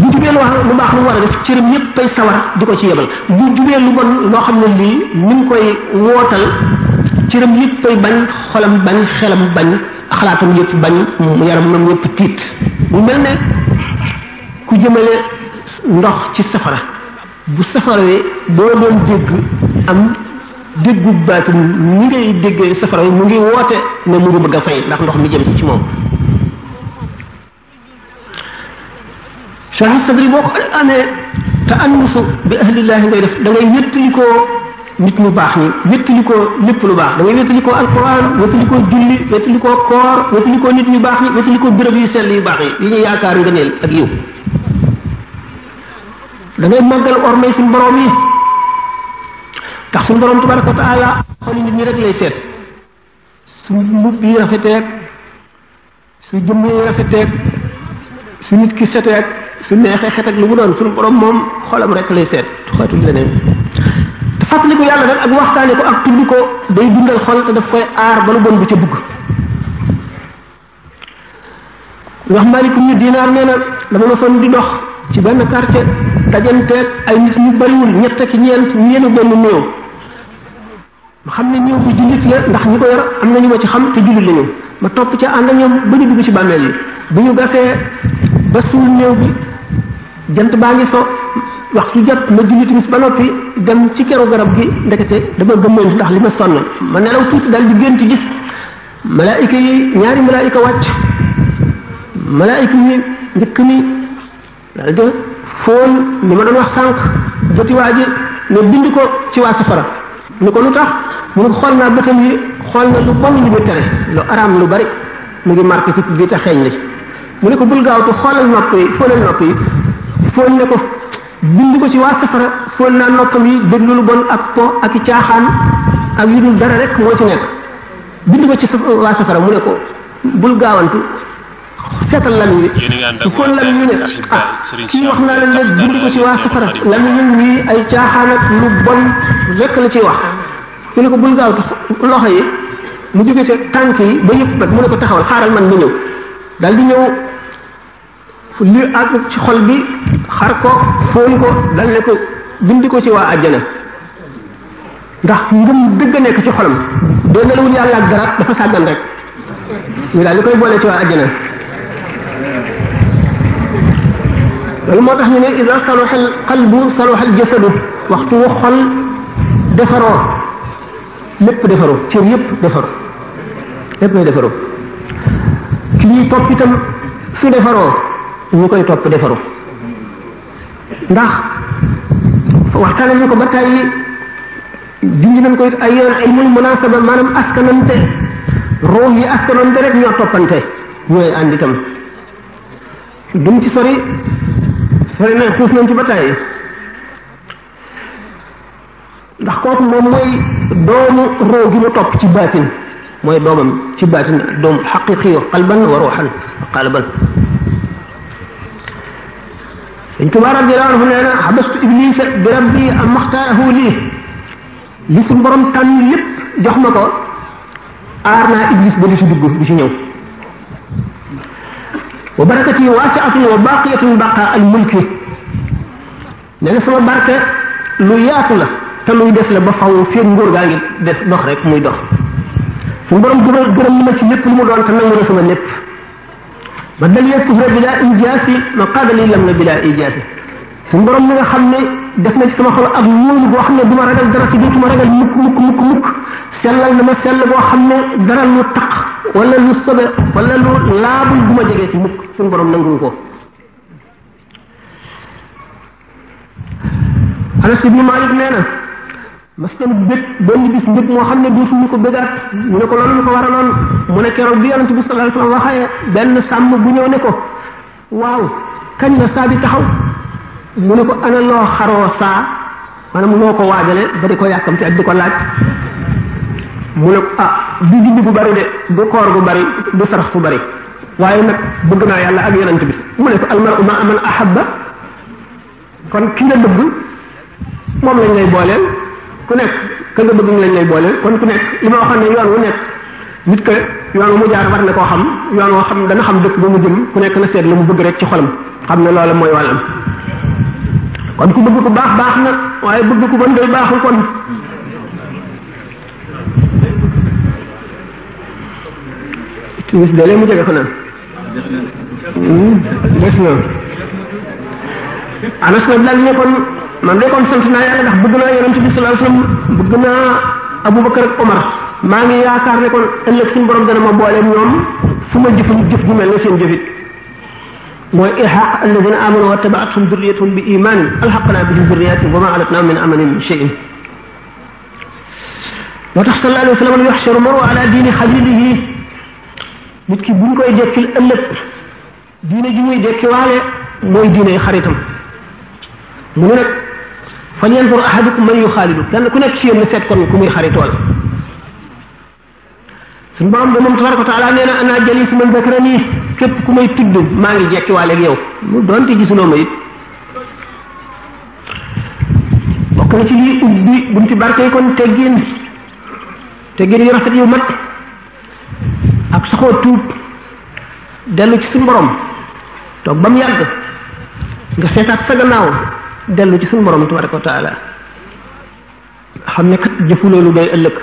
bu jubee lu wax lu baax lu war a def cëram yéppay sawar di ko ci yebal bu jubee lu bon loo xam ne lii mi ngi koy wootal cëram yéppay bañ xolam bañ xelam bañ xalaatam yépp bañ mu yaram nam yépp tiit mu mel ne ku jëmale ndox ci safara bu safara wi boo doon dégg am déggu baatin ni ngay déggee safara wi mu ngi woote na mu ngi bëgg ndax ndox mi jëm si ci moom sarxa sadri boo ko amee te annusu bi ahlillaahi ngay def dangay da ngay koo nit ñu baax ñi wéttalikoo lépp lu baax da ngay wéttalikoo alquran wéttalikoo julli wéttalikoo koor wéttalikoo nit ñu baax ñi wéttalikoo béréb yu sell yu baax yi yi ñu yaakaar ngëneel ak yiw dangay ngay màggal ormay suñu borom yi tax suñu borom tabaraka wa taala xooli nit ñi rek lay seet su mbubb yi rafeteeg su jëmm rafeteeg su nit ki seteeg suñ neexee xet lu mu doon suñu borom moom xolam rek lay seet xeetul leneen te fàttaliku yàlla rek ak waxtaane ko ak tudd ko day dundal xol te daf koy aar ba lu bon bu ca dugg wax maalikum ñu dinaar nee na dama ma sonn di dox ci benn quartier dajanteeg ay nit ñu bëriwul ñett ki ñeent ñeenu benn néew ma xam ne néew bi jullit la ndax ñu ko yor am ñu ma ci xam te jullit lañu ma topp ca ànd ak ñoom ba ñu dugg ci bàmmeel yi bu ñu gasee ba suul néew bi jant baa ngi so wax waxtu jot ma julli timis ba noppi dem ci keru garab gi ndekete dama gëmmoon ndax li ma sonn ma nelaw tuuti dal di gént gis malaayika yi ñaari malaayika wàcc malaayika yi njëkk mi daal di fóon li ma doon wax sànq joti waa ji ne bind ko ci waa safara ni ko lu tax mu ne ko xool naa bëtam yi xool na lu bon li muy tere lu araam lu bari mu ngi marqué ci bi te xeeñ li mu ne ko bul gaawtu xoolal nopp yi fóonal nopp yi fóon ne ko bind ko ci waa safara fóon naa noppam yi déglu lu bon ak po ak i caaxaan ak yu dul dara rek moo ci nekk bind ko ci waa safara mu ne ko bul gaawantu seetal lan wi su kon lan wi ne ah kii wax ci waa safara lan wi ay caaxaan ak lu bon rekk la ciy wax ne ko bul gaaw loxo yi mu jóge ci tànk yi ba yëpp nag mu ne ko taxawal xaaral man ba ñëw daal di ñëw li àgg ci xol bi xar ko fóon ko dal ne ko bind ko ci waa àjjana ndax ngëm dëgg a nekk ci xolam doo nelawul yàlla ak dara dafa sàggan rek ñu daal di koy boole ci waa àjjana loolu moo tax ñu ne ida saluha al qalbu saluha waxtu wu defaroo lépp defaroo cër yépp defaroo lépp nay defaroo ki ñuy topp itam su defaroo ñu koy topp defaroo ndax waxtaane nañ ko ba tàyyi dindi koy ko it ay yoon ilmul munasaba maanaam askanante ruux yi askanante rek ñoo toppante ñooy ànd itam duñ ci sori sori na xuus nañ ci ba tàyyi ndax kooku moom mooy doomu roo gi ci baatin mooy doomam ci baatin doom xaqiqi qalban wa ruuxan qalban Sëñ Tuubaa radiyallahu anhu nee na xabastu iblisa bi am maxtaarahu lii li su borom tànn lépp jox ma ko aar naa iblis ba di si dugg di si ñëw wa barakati waasiatun wa baqiyatun baqa al mulki nee na sama barke lu yaatu la te luy des la ba faw fii nguur gaa ngi des dox rek muy dox suñu borom gërëm gërëm na ci lépp lu mu doon te nangu na sama lépp ba dal yegg bi laa injaasi ma qaada li lam na bi laa ijaasi suñu borom mi nga xam ne def na ci sama xol ak wóolu boo xam ne du ma ragal dara ci dootuma ragal mukk mukk mukk mukk sellal na ma sell boo xam ne dara lu taq wala lu sobe wala lu laabul du ma jegee ci mukk suñu borom nanguwu ko Anas si Malik nee na mas na bég benn bis mbég moo xam ne dootuñu ko bégaat ñu ne ko loolu lu ko mu ne keroog bi yonente bi sallallahu alayhi wa benn sàmm bu ñëw ne ko waaw kañ la saa bi taxaw mu ne ko ana loo xaroo saa maanaam loo ko waajale ba di ko yàkkamte ak di ko laaj mu ne ko ah du julli bu bari de du koor bu bari du sarax su bari waaye nag bëgg naa yàlla ak yonent bi mu ne ko almaru ma aman ahabba kon ki nga bëgg moom lañ lay booleel ku nekk ka nga bëgg ñu lañ lay booleel kon ku nekk li moo xam ne yoon wu nekk nit que yoon wu mu jaar war na koo xam yoon woo xam dana xam dëkk ba mu jëm ku nekk na seet la mu bëgg rek ci xolam xam ne loola mooy wàllam kon ku bëgg ku baax baax na waaye bëgg ku bon day baaxul kon timis de lee mu jege xanaa hmm, des na anas na daal ne kon man de kon sant naa yàlla ndax bëgg naa yonent bi sallallahu alayhi wasallam bëgg naa abubakar ak omar maa ngi yaakaar ne kon ëllëg suñu borom dana ma booleem ñoom fu ma jëf jëf ju mel seen jëfit mooy ilxaq alladina amanu wa tabaathum durriyatuhum bi imaanin alxaqna bihim durriyatihim wa ma alatnahum min amalin min cheyin moo tax sallallahu alayhi wa sallam yuxsharu maru ala diini xalilihi nit ki buñ koy dekkil ëllëg diine ji muy dekki waale mooy diine xaritam mu ne nag fal yanzur ahadukum man yuxaalidu kenn ku nekk ci yéen na seet kon ku muy xaritool suñu borom ba moom tabaraka wa taala nee na ana jali si man zakarani képp ku may tudd maa ngi jekkiwaale ak yow mu doonte gisuloo ma it bokk na ci lii ubbi bunti barke kon teggin teggin yu rafet yu mat ak saxoo tuub dellu ci suñu borom toog ba mu yàgg nga seetaat sa gannaaw dellu ci suñu borom tabaraka wa taala xam ne kat jëfu loolu day ëllëg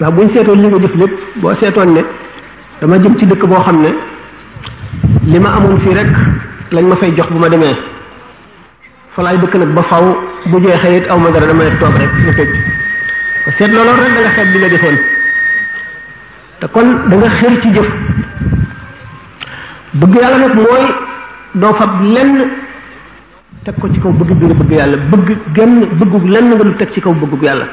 ndax buñ seetoon li nga jëf lépp boo seetoon ne dama jëm ci dëkk boo xam ne li ma amoon fii rek lañ ma fay jox bu ma demee fa laay dëkk nag ba faw bu jeexee it aw ma dara damay toog rek mu tëj ko seet na lool rek da nga xeeb li nga defoon te kon da xër ci jëf bëgg yàlla nag mooy doo fab lenn teg ko ci kaw bëgg bi nga bëgg yàlla bëgg genn bëggu lenn nga lu teg ci kaw bëggu yàlla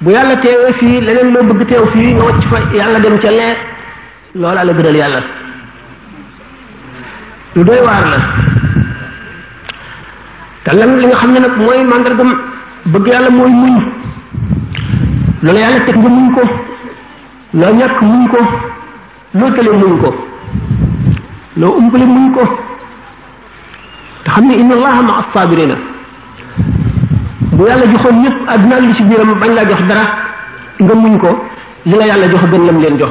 bu yàlla teewee fii leneen loo bëgg teew fii nga wacc fa yàlla dem ca lee loola la gënal yàlla lu doy waar la te lan li nga xam ne nag mooy màndargam bëgg yàlla mooy muñ loolu yàlla teg nga muñ ko loo ñàkk muñ ko loo tële muñ ko loo umpale muñ ko te xam ne inna allaha ma assabirina bu yàlla joxoon ñëpp àdduna li ci biiram bañ laa jox dara nga muñ ko li la yàlla jox gën lam leen jox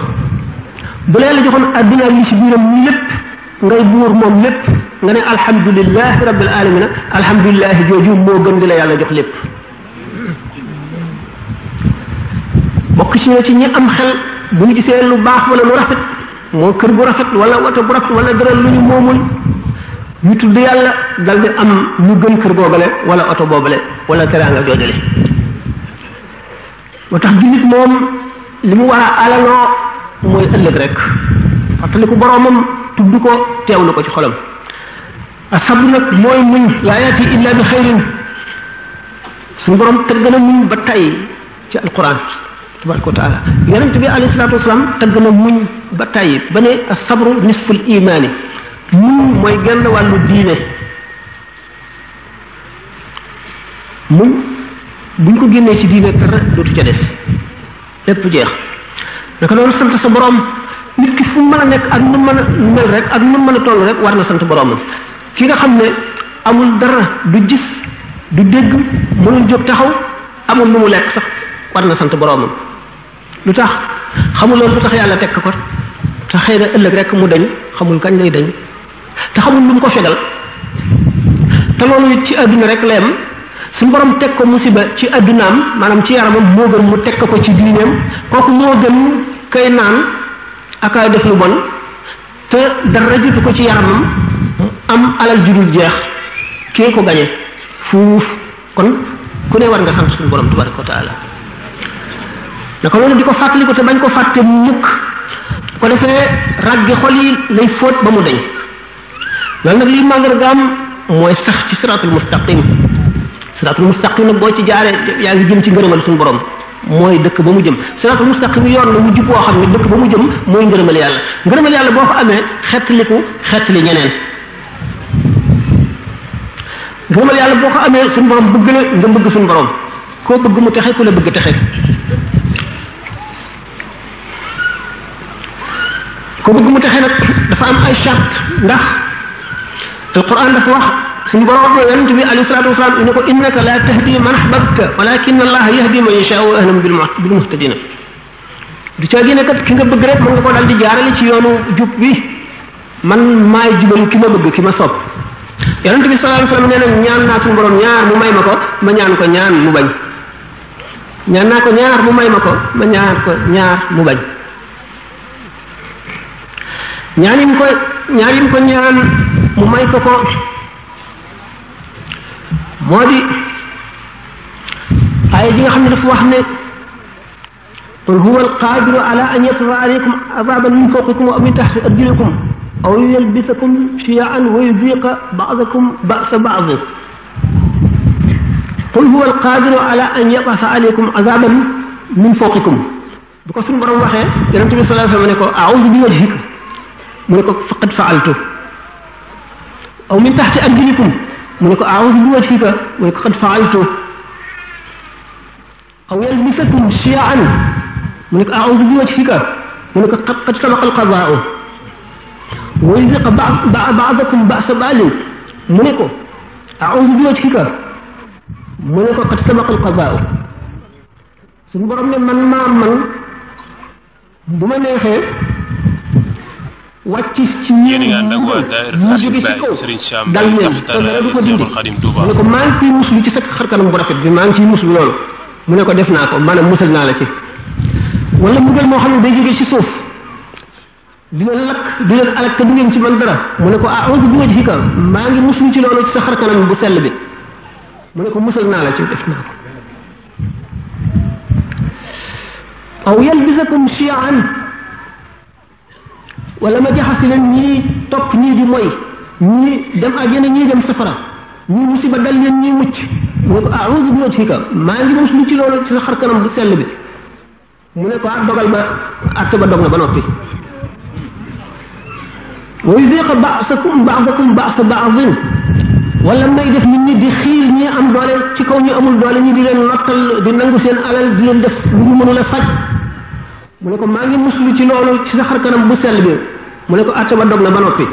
bu la yàlla joxoon àdduna li ci biiram ñu lépp ngay buur moom lépp nga ne alhamdulilahi rabbil alamina alhamdulilahi jooju moo gën di la yàlla jox lépp bokk ci na ci ñi am xel bu ñu gisee lu baax wala lu rafet moo kër bu rafet wala woto bu rafet wala dara lu ñu moomul ñu tudd yàlla dal di am lu gën kër boobale wala oto boobale wala teraanga joojale moo tax jullit moom li mu war alaloo mooy ëllëg rek fàttaliku boroomam tudd ko teewlu ko ci xolam asabr nag mooy muñ laa yaati illa bi xayrin suñu borom tëgg na muñ ba tey ci alquran tabaraka wa taala yonent bi alayhi salaatu wasalaam muñ ba tey ba ne asabru nisful imaani muñ mooy genn wàllu diine muñ buñ ko génnee ci diine dara dootu ca des lépp jeex naka loolu sant sa borom nit ki fu mën a nekk ak nu mën a mel rek ak nu mën a toll rek war na sant boroomam ki nga xam ne amul dara du gis du dégg mënul jóg taxaw amul lu mu lekk sax war na sant boroomam lu tax xamul lu yàlla tekk ko te xëy na ëllëg rek mu dañ xamul kañ lay dañ te xamul lu ko fegal te loolu ci àdduna rek la am suñu borom teg ko musiba ci àddunaam maanaam ci yaramam moo gën mu teg ko ci diineem kooku moo gën kay naan akaay def lu bon te dara ko ci yaramam am alal judul jeex kee ko gañe fuuf kon ku ne war nga sant suñu borom tabaraka wa taala ko loolu di ko fàttali ko te bañ ko fàtte mukk ko defee raggi xol yi lay fóot ba mu deñ loolu nag liy màndargaam mooy sax ci siratul mustaqim siratul mustaqim nag boo ci jaaree yaa ngi jëm ci ngërëmal suñu borom mooy dëkk ba mu jëm siraatul mustaqim yoon la mu jub woo xam ne dëkk ba mu jëm mooy ngërëmal yàlla ngërëmal yàlla boo ko amee xettaliku xettali ñeneen ngërëmal yàlla boo ko amee suñu borom bëgg la nga bëgg suñu borom koo bëgg mu texe ku la bëgg texe ko bëgg mu texe nag dafa am ay charte ndax alquran dafa wax suñu borom wax ne yonent bi alayhi salaatu wasalaam ne ko innaka la tahdi man ahbabta walakin allah yahdi man yashaa'u wa ahnam bil muhtadina du caa génne kat ki nga bëgg rek mën nga ko daal di jaarale ci yoonu jub bi man maay jubal ki ma bëgg ki ma sopp yonent bi sallallahu alayhi wasallam nee na ñaan naa suñu borom ñaar mu may ma ko ma ñaan ko ñaan mu bañ ñaan naa ko ñaar mu may ma ko ma ñaan ko ñaar mu bañ ñaan yim ko ñaan yim ko ñaan mu may ko ko moo di aaya ji nga xam ne dafa wax ne qul huwa alqadiru ala an yasrifa alaykum azaban min fawqikum wa min tahti arjulikum aw yalbisakum shiyaan wa yudiqa ba'dakum ba'sa ba'd qul huwa alqadiru ala an yab'atha alaykum azaban min fawqikum bu ko suñu borom waxee yonente bi sallallahu alayhi wa sallam ne ko a'udhu bi wajhika mu ne ko faqad fa'altu aw min tahti arjulikum mu ne ko a'udhu bi wajhika mu ne ko qad fa'altu aw yalbisakum shiya'an mu ne ko a'udhu bi wajhika mu ne ko qad sabaqa al-qadaa'u wa yuziqa ba'dakum ba'sa ba'din mu ne ko a'udhu bi wajhika mu ne ko qad sabaqa al-qadaa'u suñu borom ne man maa man bu ma neexee wàccis ci ñenn ñi mu jóge ci kaw dal leen te dara du ko dindi mu ne ko maa ngi ciy muslu ci sa xarkanam bu rafet bi maa ngi ciy muslu loolu mu ne ko def naa ko maanaam musal naa la ci wala mbugal moo xam ne day jóge ci suuf di leen lakk di leen alak te du ngeen ci man dara mu ne ko ah onze bi nga ji ka maa ngi muslu ci loolu ci sa xarkanam bu sell bi mu ne ko musal naa la ci def naa ko aw yalbisakum shi'an wala ma jaxasi leen ñii topp ñii di moy ñii dem àjjana ñii dem safara ñii musiba dal leen ñii mucc muc ko a'udhu bi wajhika maa ngi mos lu ci loolu ci sa xar kanam bu sell bi mu ne ko ah dogal ba àtte ba dog na ba noppi wa yuziqa ba'sakum ba'dakum ba'sa ba'din wala may def nit ñi di xiir ñi am doole ci kaw ñu amul doole ñi di leen nottal di nangu seen alal di leen def lu ñu mënula faj mu ne ko maa ngi muslu ci loolu ci sa xar kanam bu sell bi mu ne ko àtte ba dog na ba noppi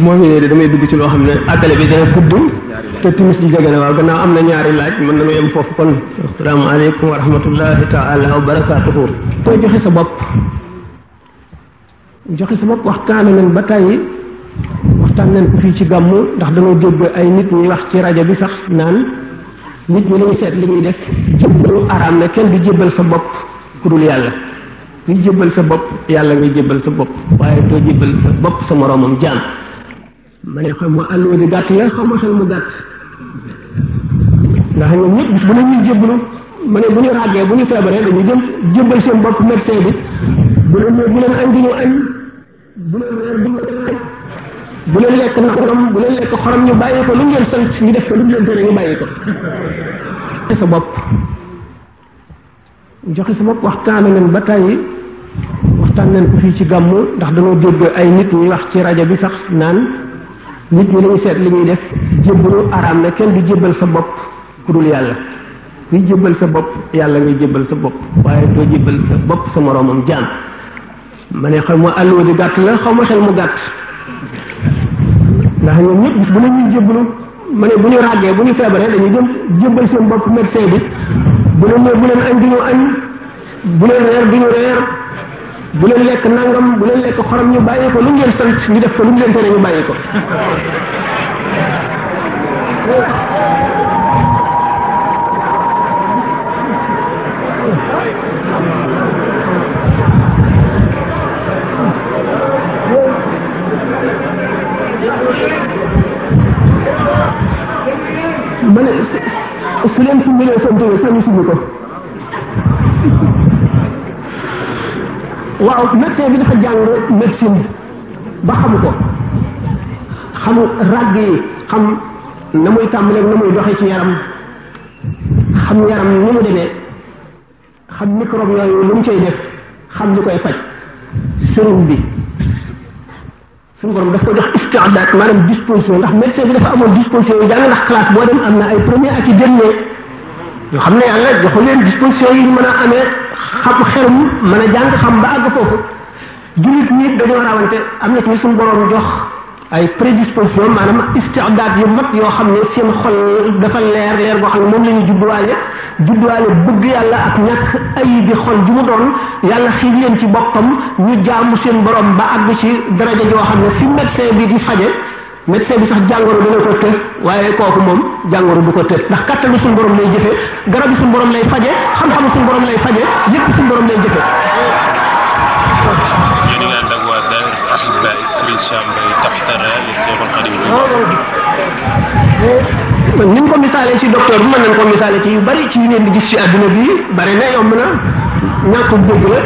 moo ngi ne damay dugg ci loo xam ne àggale bi dana gudd te timis ji jege na waaw gannaaw am na ñaari laaj mën nañu yem foofu kon asalaamaaleykum wa rahmatullahi taala wa barakaatuhu te joxe sa bopp joxe sa bopp waxtaane nañ ba tàyyi waxtaan nañ ko fii ci gàmmu ndax dañoo dégg ay nit ñuy wax ci rajo bi sax naan nit ñi dañuy seet li ñuy def jébbalu araam na kenn du jébbal sa bopp ku dul yàlla kuy jébbal sa bopp yàlla ngay jébbal sa bopp waaye doo jébbal sa bopp sa moroomam jaam ma ne xam ma àlloo di gàtt ya xaw ma xel mu gàtt ndax ñoom ñëpp bu ne ñuy jébbalu ma ne bu ñu ràggee bu ñu feebaree dañu jëm jébbal seen bopp médecin bi bu ne bu leen añ du ñu añ bu leen añ bu leen lekk na xorom bu leen lekk xorom ñu bàyyi ko lu ngeen sant ñu def ko lu ngeen tere ñu bàyyi ko sa bopp joxe sa bopp waxtaan nañ ba tàyyi waxtaan leen ko fii ci gàmmu ndax dañoo dégg ay nit ñuy wax ci rajo bi sax naan nit ñi dañu seet li muy def jébbalu araam na kenn du jébbal sa bopp ku dul yàlla kuy jébbal sa bopp yàlla ngay jébbal sa bopp waaye doo jébbal sa bopp sa moroomam jaan ma ne xaw ma àlluwa di gàtt la xaw ma xel mu gàtt ndax ñoom ñëpp bis bu ne ñuy jébbalu bu ñu ràggee bu ñu feebaree dañuy jëm jébbal seen bopp médecin bi bu leen nee bu leen añ du ñu añ bu leen reer du ñu reer bu leen lekk nangam bu leen lekk xorom ñu bàyyi ko lu ñu leen sant ñu def ko lu ñu leen tere ñu bàyyi ko ma ne su leen sumbilee seen tëye seen sumbi ko waaw médecin bi dafa jàng médecine ba xam ko xam ràgg yi xam na muy tàmbalee na muy doxee ci yaram xam yaram ni mu demee xam microbe yooyu lu mu cay xam li koy faj sérum bi suñu borom daf ko jox istiadaat maanaam disposition ndax médecin bi dafa amoon disposition yi jàng ndax am na ay premier ak i dernier yoo xam ne yàlla joxu leen disposition yi mën a amee xam xelum mën a jàng xam ba àgg foofu jullit ñi dañoo am na ci suñu borom jox ay prédisposition maanaam istidaat yu mat yoo xam ne seen xol dafa leer leer goo xam ne moom la ñu judduwaale judduwaale bëgg yàlla ak ñàkk ayi bi xol ji mu doon yàlla xiir leen ci boppam ñu jaamu seen borom ba àgg ci daraja joo xam ne fi médecin bi di faje médecin bi sax jàngoro dana ko tëb waaye kooku moom jàngoro du ko tëb ndax kattanu suñu borom lay jëfe garabi suñu borom lay faje xam-xamu suñu borom lay faje yépp suñu borom lay jëfe Sambay taxta raayil Seexul Xadim ni mu ko misaalee ci docteur bi mën nañ ko misaalee ci yu bari ci yu ngeen di gis ci àdduna bi bari na yomb na ñàkk dëgg la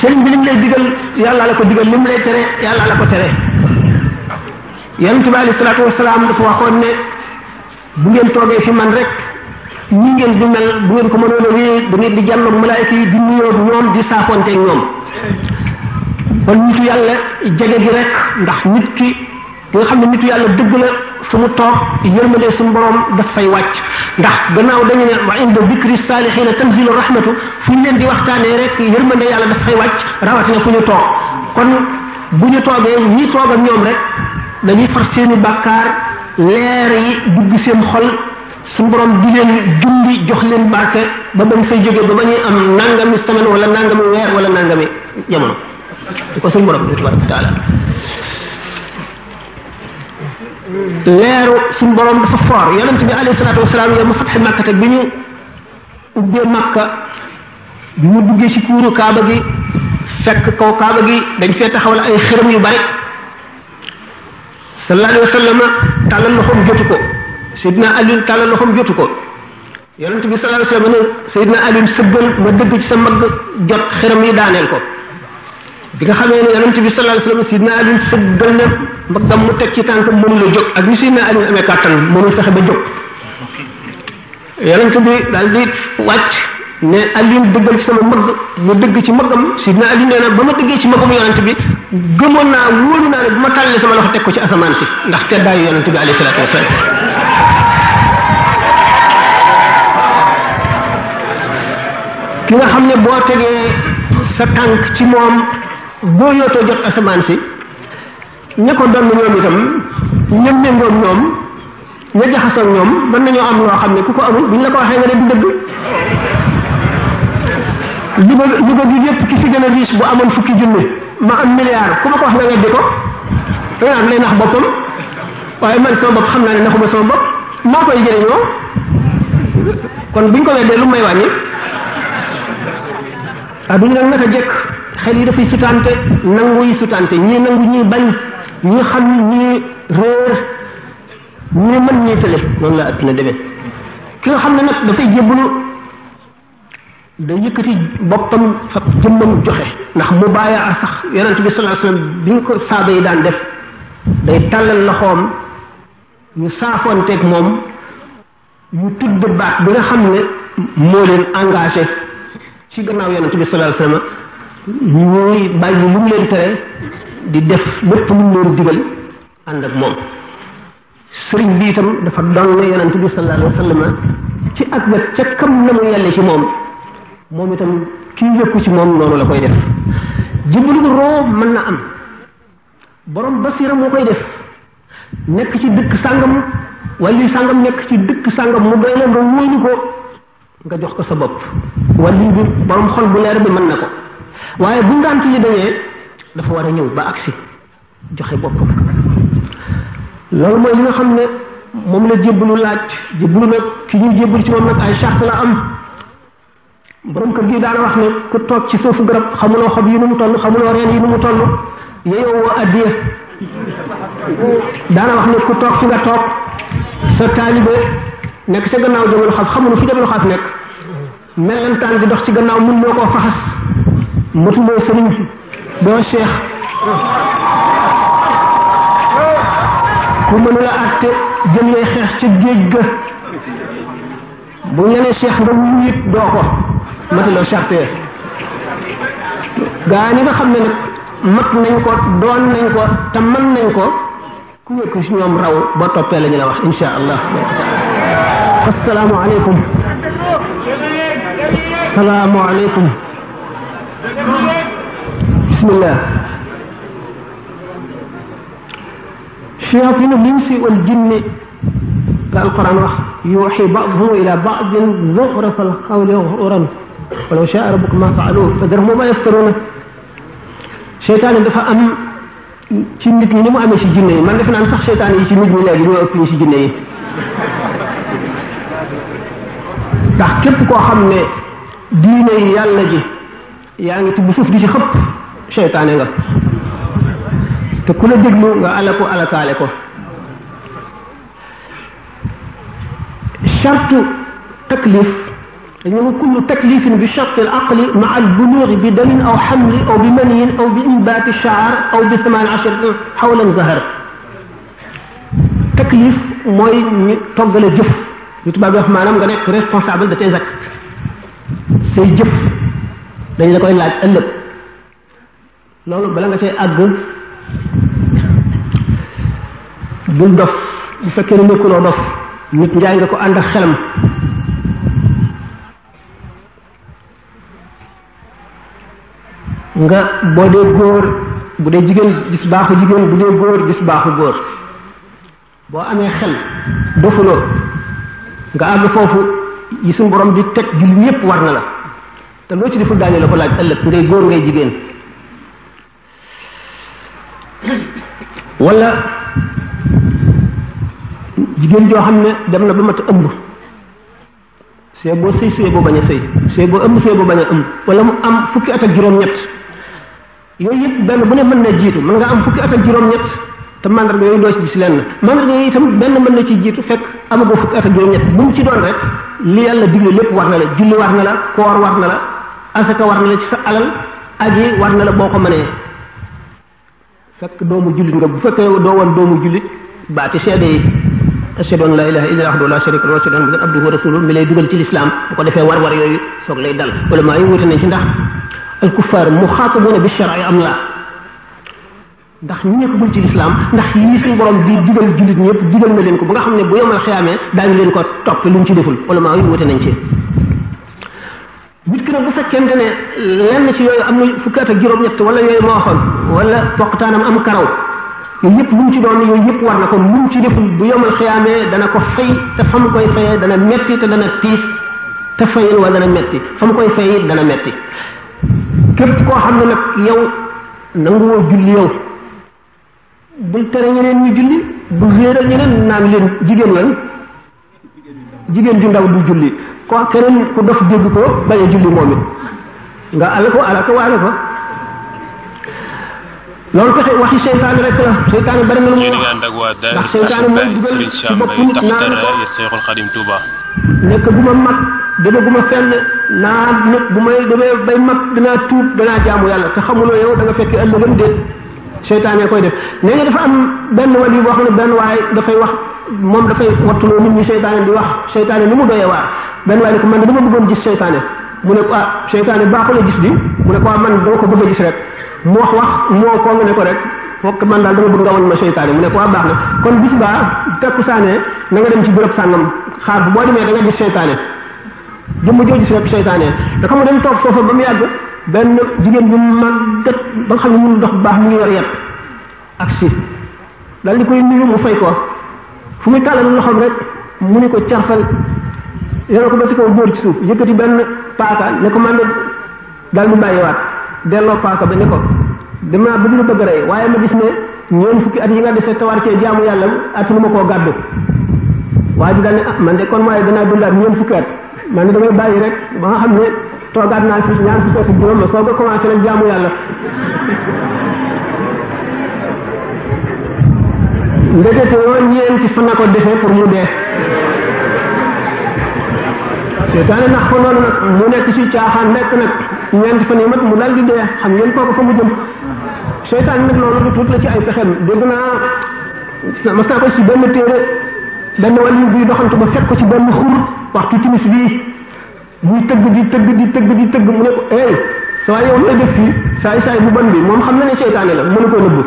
sëriñ bi lim lay digal yàlla la ko digal lim lay tere yàlla la ko tere yonent bi alayhi salaatu wasalaam wax waxoon ne bu ngeen toogee ci man rek ñu ngeen di mel bu ngeen ko mënoon a wéyee da ngeen di jàlloog malaayka yi di nuyoo ñoom di saafonteeg ñoom ba nitu yàlla jege gi rek ndax nit ki nga xam nit nitu yàlla dëgg la su mu toog yërmande suñu borom daf fay wàcc ndax gannaaw dañu ne wa inda dikri saalihiina tanzilu rahmatu fu ñu leen di waxtaanee rek yërmande yàlla daf fay wàcc rawatina fu ñu toog kon bu ñu toogee ñi toog ak ñoom rek dañuy far seeni bàkkaar leer dugg seen xol suñu borom di leen jundi jox leen barke ba bañ fay jógee ba ba ñuy am nangami semaine wala nangami weer wala nangami jamono. di ko suñu borom bi tabaraka wa taala leeru suñu borom dafa foor yonent bi alayhi salaatu wasalaam yow ma fatxe màkka te bi ñu ubbee màkka bi mu duggee ci kuuru kaaba gi fekk kaw kaaba gi dañ fee taxawal ay xërëm yu bari sallallahu alayhi wa sallam tàllal loxoom jotu ko Seydina Aliou tàllal loxoom jotu ko yonent bi sallallahu alayhi wa sallam ne Seydina Aliou sëggal ma dëgg ci sa mbagg jot xërëm yi daaneel ko bi nga xamee ne yonent bi sallallahu alayhi wasallam sidna Ali sëggal na mbaggam mu teg ci tànk mënul a jóg ak bi sidna Ali amee kàttan mënul fexe ba jóg yonent bi daal di wàcc ne Ali dëggal ci sama mbagg mu dëgg ci mbaggam sidna Ali nee na ba ma dëggee ci mbaggam yonent bi gëmoon naa wóolu naa ne bu ma tàllee sama loxo teg ko ci asamaan si ndax teddaayu yonent bi alayhi salaatu wasallam ki nga xam ne boo tegee sa tànk ci moom boo yootoo jot asamaan si ña ko doon ñoom itam ña méngoog ñoom ña jaxasoog ñoom mën nañoo am loo xam ne ku ko amul buñ la ko waxee nga ne du dëgg li ba li ba gi ki si gën a riche bu amoon fukki junni ma am ku ma ko wax nga weddi ko day lay nax boppam waaye man sama bopp xam naa ne naxuma sama bopp maa koy jëriñoo kon buñ ko weddee lu may wàññi ah duñu nag naka jekk xel yi dafay sutante nangu yi sutante ñii nangu ñii bañ ñi xam ñii réer ñii mën ñii tële noonu la adduna demee ki nga xam ne nag dafay jébbalu da yëkkati boppam fa jëmmam joxe ndax mu bàyyi sax yonent bi sallallahu alayhi ko saaba yi daan def day tàllal loxoom ñu saafoonteeg moom ñu tudd baat bi nga xam ne moo leen engagé ci gannaaw yonent bi sallallahu alayhi ñooy bàyyi lu mu leen tere di def lépp lu mu digal ànd ak moom sëriñ bi itam dafa doon na yonent bi sallallahu alayhi wa ci ak wet ca kam na mu yàlle ci moom moom itam kii yëkku ci moom noonu la koy def jiblu ko roo mën na am borom basira moo koy def nekk ci dëkk sàngam wali sàngam nekk ci dëkk sàngam mu doy leen nga wóolu ko nga jox ko sa bopp wali bi borom xol bu leer bi mën na ko waaye bu ngant yi dañee dafa war a ñëw ba agsi joxe boppam loolu mooy li nga xam ne moom la jébbalu laaj jébbalu nag ki ñuy jébbalu ci moom nag ay charte la am borom kër gi daana wax ne ku toog ci suufu garab xamuloo xob yi nu mu toll xamuloo reen nu mu toll yeyoo woo addiya toog ci nga toog sa taalibe nekk sa gannaaw jamono xaaf xamul fi jamono xaaf nekk melentaan di dox ci gannaaw mun moo koo faxas matuloo sëriñ doo seex ku mënula àtte jën lay xeex ca géej bu ñenee seex nga wuyu it doo ko matuloo sartee gaa ñi nga xam ne nag mat nañ ko doon nañ ko te mën nañ ko ku nekk ci ñoom raw boo toppee la ñu la wax insha allah assalaamu aleykum assalaamu aleykum bismillah shayaatinu linsi wal jinni la alquran wax yuuxi ba'duhum ila ba'din zuxrafa alqawli ghuran walaw shaa rabbuka ma faaluhu fadarhum ma yaftaruuna seytaane dafa am ci nit ñi ni mu amee ci jinne yi man def naan sax seytaane yi ci nit ñi léegi ñoo ëpp ñu ci jinne yi ndax képp koo xam ne diine yàlla ji yaa ngi ci bu suuf di ci xëpp seytaane nga te ku la déglu nga alaku alakaale ko chartu taklif dañu ne kullu taklifin bi charti al aqli ma al buluugi bi damin aw xamli aw bi maniyin aw bi inbaati shaar aw bi samaan asharatin xawlan zahar taklif mooy ñu toggale jëf yu tubaab yi wax maanaam nga nekk responsable de tes actes say jëf dañ la koy laaj ëllëg loolu bala nga see àgg bul dof bu fekkee ne nekkuloo dof nit njaay nga ko ànd ak xelam nga boo dee góor bu dee jigéen gis baaxu jigéen bu dee góor gis baaxu góor boo amee xel dofuloo nga àgg foofu yi suñu borom di teg jullit ñépp war na la te loo ci deful daañu la ko laaj ëllëg ngay góor ngay jigéen wala jigéen joo xam ne dem na ba mat ëmb see boo sëy see boo bañ a sëy see boo ëmb see bañ a ëmb wala mu am fukki at ak juróom-ñett yooyu yëpp benn bu ne mën na jiitu mën nga am fukki at ak juróom-ñett te mandarga yooyu doo ci gis lenn mandarga yooyu itam benn mën na ci jiitu fekk amagoo fukki at ak juróom-ñett bu mu ci doon rek li yàlla digle lépp war na la julli war na la koor war na la asaka war na la ci sa alal aji war na la boo ko mënee fekk doomu jullit nga bu fekkee doo woon doomu jullit baati seede yi ashhadu an laa ilaaha illa wahdahu laa sharika lahu wa ashhadu ci lislaam bu ko defee war war yooyu soog lay dal ulama yi wute nañ ci ndax al kuffaar muxaatabuna bi am laa ndax ñu nekkagul ci lislaam ndax yii suñu borom di digal jullit ñëpp digal ma leen ko ba nga xam ne bu yomal xiyaamee daañu leen ko topp luñ ci deful ulama yi wute ci fekkente ne lenn ci yooyu am na fukki at ak juróom-ñett wala yooyu moo xoon wala am karaw yooyu yëpp lu ci doon yooyu yëpp war na ko lu mu ci deful bu yomal xiyaamee dana ko fay te fa mu koy fayee dana metti te dana tiis te fayin wa dana metti fa koy fay dana metti képp koo xam ne nag yow nanguwoo julli yow bul tere ñeneen ñu julli bul réeral ñeneen naan leen jigéen lan jigéen ju ndaw du julli ko keneen ku dof dégg ko bañ a julli moom nga àll ko àll waale ko ko waxi seytaane rek la seytaane bari na lu muy wax ndax seytaane mooy dugal ci bopp nit naan ko nekk bu ma mag dama gu ma fenn naa nit bu may damay bay mag danaa tuub danaa jaamu yàlla te xamuloo yow da fekk ëllëgam déet seytaane koy def nee dafa am benn wàll boo xam ne benn waay dafay wax moom dafay wattuloo nit ñi seytaane di wax seytaane ni mu doyee waar benn waay ne ko man dama bëggoon gis seytaane mu ne ko ah seytaane baaxul a gis di mu ne ko ah man dama ko bëgg a gis rek mu wax wax moo ko nga ne ko rek fokk man daal dama bëgg nga wan ma seytaane mu ne ko ah baax na kon bis baa takku saane na nga dem ci bërëb sànnam xaar bu boo demee da nga gis seytaane jëmm joo gis rek seytaane dafa xam nga dem toog foofa ba mu yàgg benn jigéen bu màggat ba nga xam ne mënul dox baax mu ngi yor yet ak si daal di koy nuyu mu fay ko fu muy tàllal loxoom rek mu ni ko carfal yore ko ba ci kaw dóor ci suuf yëkkati benn paaka ne ko man de daal mu bàyyiwaat delloo paaka bi ne ko damaa bëgg lu bëgg rey waaye ma gis ne ñeent fukki at yi nga defee tawar cee jaamu yàlla at koo gàddu waa ji daal ne ah man de kon waaye danaa dundaat ñeent fukki at man de bàyyi rek ba nga xam ne toogaat naa ci ñaar fukki at juróom la soog a commencé nag jaamu yàlla ndekete yoo ñeenti fan na ko defee pour mu dee seytaane nax ko noonu nag mu nekk ci caaxaan nekk nag ñeenti fan yu mu dal di dee xam ngeen kooku fa mu jëm seytaane nag ci ay pexem dégg naa mas naa ko ci benn téere benn wàllu buy doxantu ba fekk ko ci benn xur waxtu timis bii muy tëgg di tëgg di tëgg di tëgg mu ne ko ey eh, saa yow looy def fii saay saay bu bon bi moom xam na ne seytaane la mënu ko nëbbu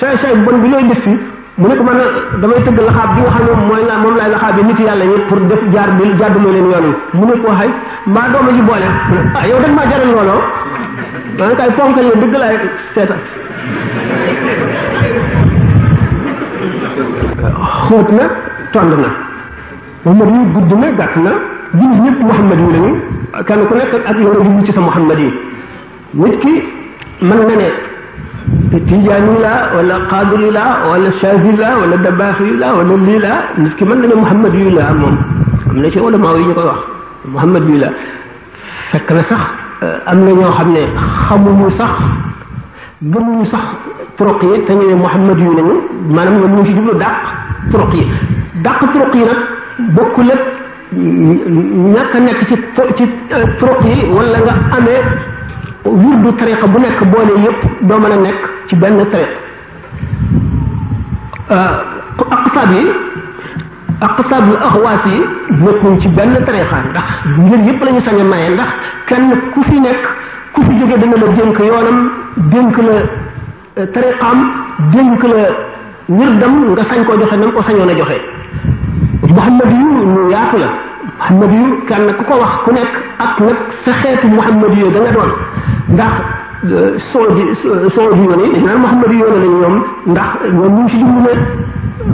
saay saay bu bon bi looy def fii mu ne ko man damay tëgg laxaab bi nga xam ne mooy la moom laay laxaab yi nit yàlla yi pour def jaar bi jàddu ma leen yoon yi mu ne ko waxay mbaa dooma ah, maa jaral looloo maa kay ponkal yow dëgg laay ku nekk ak yow nga ci sa Muhammad yi nit ki mën na ne te tijaani laa wala qaadiri laa wala shaafi laa wala dabaaxi laa wala lii laa nit ki mën na ne muhammad yu laa moom am na ci ulama yi ñu koy wax muhammad yu laa fekk na sax eh, am na ñoo xam ne xamuñu sax gëmuñu sax turuq yi te ñu ne muhammad yu lañu maanaam ñoom ñu ngi ci jublu dàq turuq yi dàq turuq yi nag bokkul ak ñàkk a nekk ci ci eh, turuq yi wala nga amee wirdu tariqa bu nekk boole yépp doo mën a nekk ci benn tariq euh, aqsaab yi aqsaabul axwaas yi nekkuñ ci benn tariqa ndax ngir yépp la ñu sañ a maye ndax kenn ku fi nekk ku fi jóge dana la dénk yoonam dénk la euh, tariqaam dénk la wirdam nga sañ koo joxe nam ko sañoon na joxe muhammad yu ñu yaatu la muhammad yu kenn ku ko wax ku nekk ak nag sa xeetu muhammad yu da nga doon ndax euh, soodi soodi yoon yi dañ naan muhammad yu yoon lañ ñoom ndax ñoom ñu ngi ci jublu ne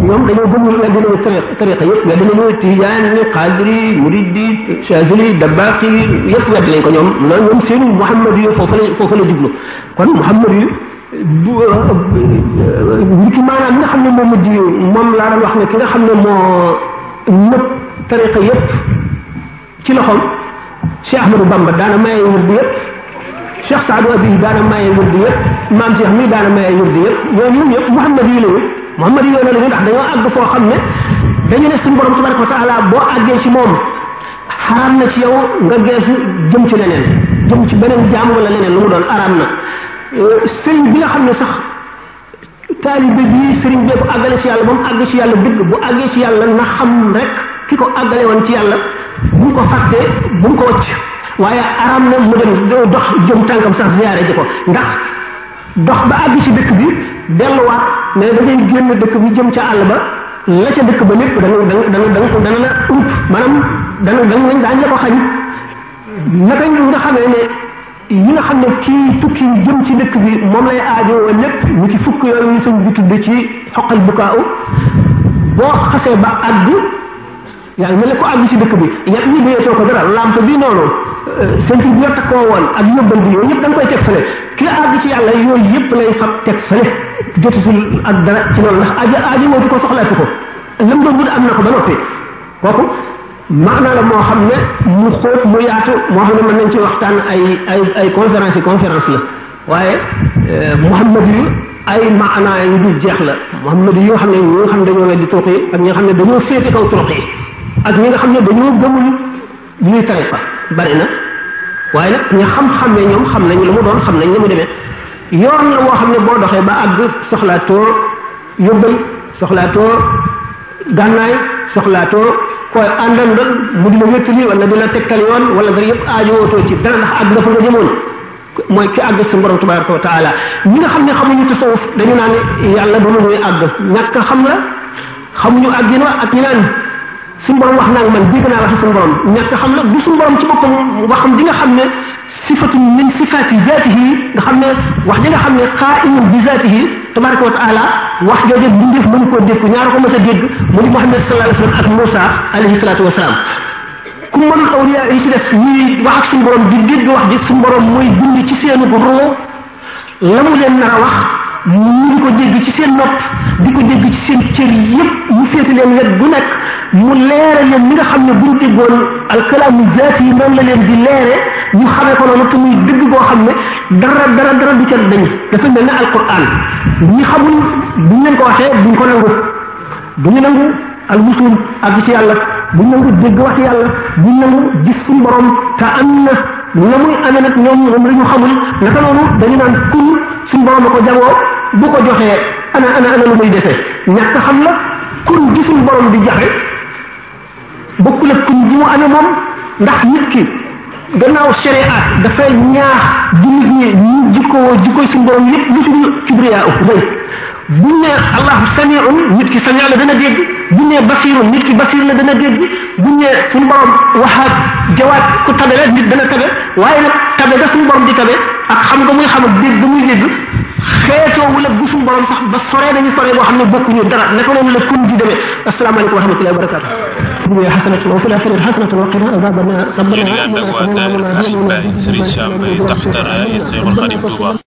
ñoom dañoo gëmul weddi nañu tariqa tariqa yëpp weddi nañu tijaani xaadiri muridi chazili dabaqi yëpp weddi nañ ko ñoom loolu ñoom seeni muhammad yu foofu la foofu la jublu kon muhammad yu euh, euh, nit ki maanaam nga xam ne moom mujj moom laa doon wax ne ki nga xam ne moo nëpp tariqa yëpp ci loxoom Cheikh Ahmadou Bamba daana maye wird yëpp Cheikh Saadu Abi daana maye wird yëpp maam Cheikh mii daana maye wird yëpp ñooñu ñëpp Muhammad yi lañu Muhammad yi yoon lañu ndax dañoo àgg foo xam ne dañu ne suñu borom tabaraka wa taala boo àggee ci moom xaraam na yow nga geesu jëm ci leneen jëm ci beneen jaam wala leneen lu mu doon araam na bi nga xam ne sax taalibe bi sëriñ bee ko àggale ci yàlla ba mu àgg ci yàlla dëgg bu àggee ci na xam rek ki ko àggale woon ci yàlla bu ko fàttee bu ko wacc waaye araam na mu dem dox jëm tànkam sax ziyaare ji ko ndax dox ba àgg ci dëkk bi delluwaat mais da ngay génn dëkk bi jëm ca àll ba la ca dëkk ba lépp dana dana dana dana la ump maanaam dana dana lañ daan la ko xañ nga xamee ne yi nga xam ne kii tukki jëm ci dëkk bi moom lay aajowoo lépp ñu ci fukk yooyu sëñ bi ci xoqal bukaaw boo xasee ba àgg yàlla mel ne ko àgg ci dëkk bi yàlla ñi doyatoo ko dara bi noonu sentir euh, bi nga takkoo woon ak yóbbal bi yooyu yëpp ko nga koy teg ki àgg ci yàlla yooyu yëpp lay fab teg fële jotutul ak dara ci loolu ndax aja aja wootu ko soxlaatu ko lam doon wut am na ko ba noppi kooku maanaa la moo xam ne mu xóot mu yaatu moo xam ne mën nañ ci waxtaan ay ay ay conférence yi conférence la waaye euh, muhammad yu ay maanaa yu du jeex la muhammad xam ne ñi nga xam ne dañoo weddi turuq yi ak ñi nga xam ne dañoo ak ñi nga xam ne dañoo gëmuñu ñuy tariqa bari na waaye nag ñu xam-xam ne ñoom xam nañ lu mu doon xam nañ ne mu demee yoon la woo xam ne boo doxee ba àgg soxlaatoo yóbbal soxlaatoo gànnaay soxlaatoo koy àndandal mu di la wéttali wala di la tegtal yoon wala dara yëpp aajowootoo ci dara ndax àgg nga fa nga jëmoon mooy ki àgg suñu borom tabaraka wa taala ñi nga xam ne xamuñu tasawuf dañu naan yàlla ba mu muy àgg ñàkk xam la xamuñu àggin wa ak ñi naan suñu borom wax naa man dégg naa waxi suñu borom ñàkk xam nag du suñu borom ci boppam waxam di nga xam ne sifatu min sifati zaatihi nga xam ne wax ji nga xam ne qaaimun bi zaatihi tabaraka wa taala wax jooje mbindeef mënu koo dégg ñaara ko mës a dégg mu di Muhammad sallallahu alayhi wa sallam ak Moussa alayhi salaatu wa salaam ku mënul awliya yi ci des ñuy wax ak suñu borom di dégg wax ji suñu borom mooy dund ci seenu roo la mu leen nar a wax. mu di ko dégg ci seen nopp di ko dégg ci seen cër yépp mu féete leen wet bu nekk mu leere leen mi nga xam ne buñ déggoon alkalaamu zaat yi noonu la leen di leere ñu xamee ko noonu te muy dëgg boo xam ne dara dara dara du ca dañ dafa mel ne alquran ñi xamul buñ leen ko waxee buñ ko nangu duñu nangu almusul ak ci yàlla buñ nangu dégg wax yàlla buñ nangu gis suñu borom te na la muy amee nag ñoom ñoom la ñu xamul naka noonu dañu naan kun suñu borom a ko jagoo bu ko joxee ana ana ana lu muy defee ñàkk xam la kun gisul borom di joxe bokkul ak kun ji mu amee moom ndax nit ki gannaaw shariat dafay ñaax jullit ñi ko jikkoo ko suñu borom yépp lu ci dul kibriyaa ëpp bu ñu nee allahu samiun nit ki samia la dana dégg bu ñu nee basirun nit ki basir la dana dégg bu ñu nee suñu borom waxaat jawaat ku tabe la nit dana tabe waaye nag tabe ga suñu borom di tabe ak xam nga muy xam ak dégg ga muy dégg xeetoowu la bu suñu borom sax ba soree dañu soree boo xam ne bokkuñu dara naka noonu la kun di demee asalaamaaleykum wa rahmatullahi wa barakatu bu ñëwee xasanatu wa fil axirati xasanatu wa qina azaban rabbana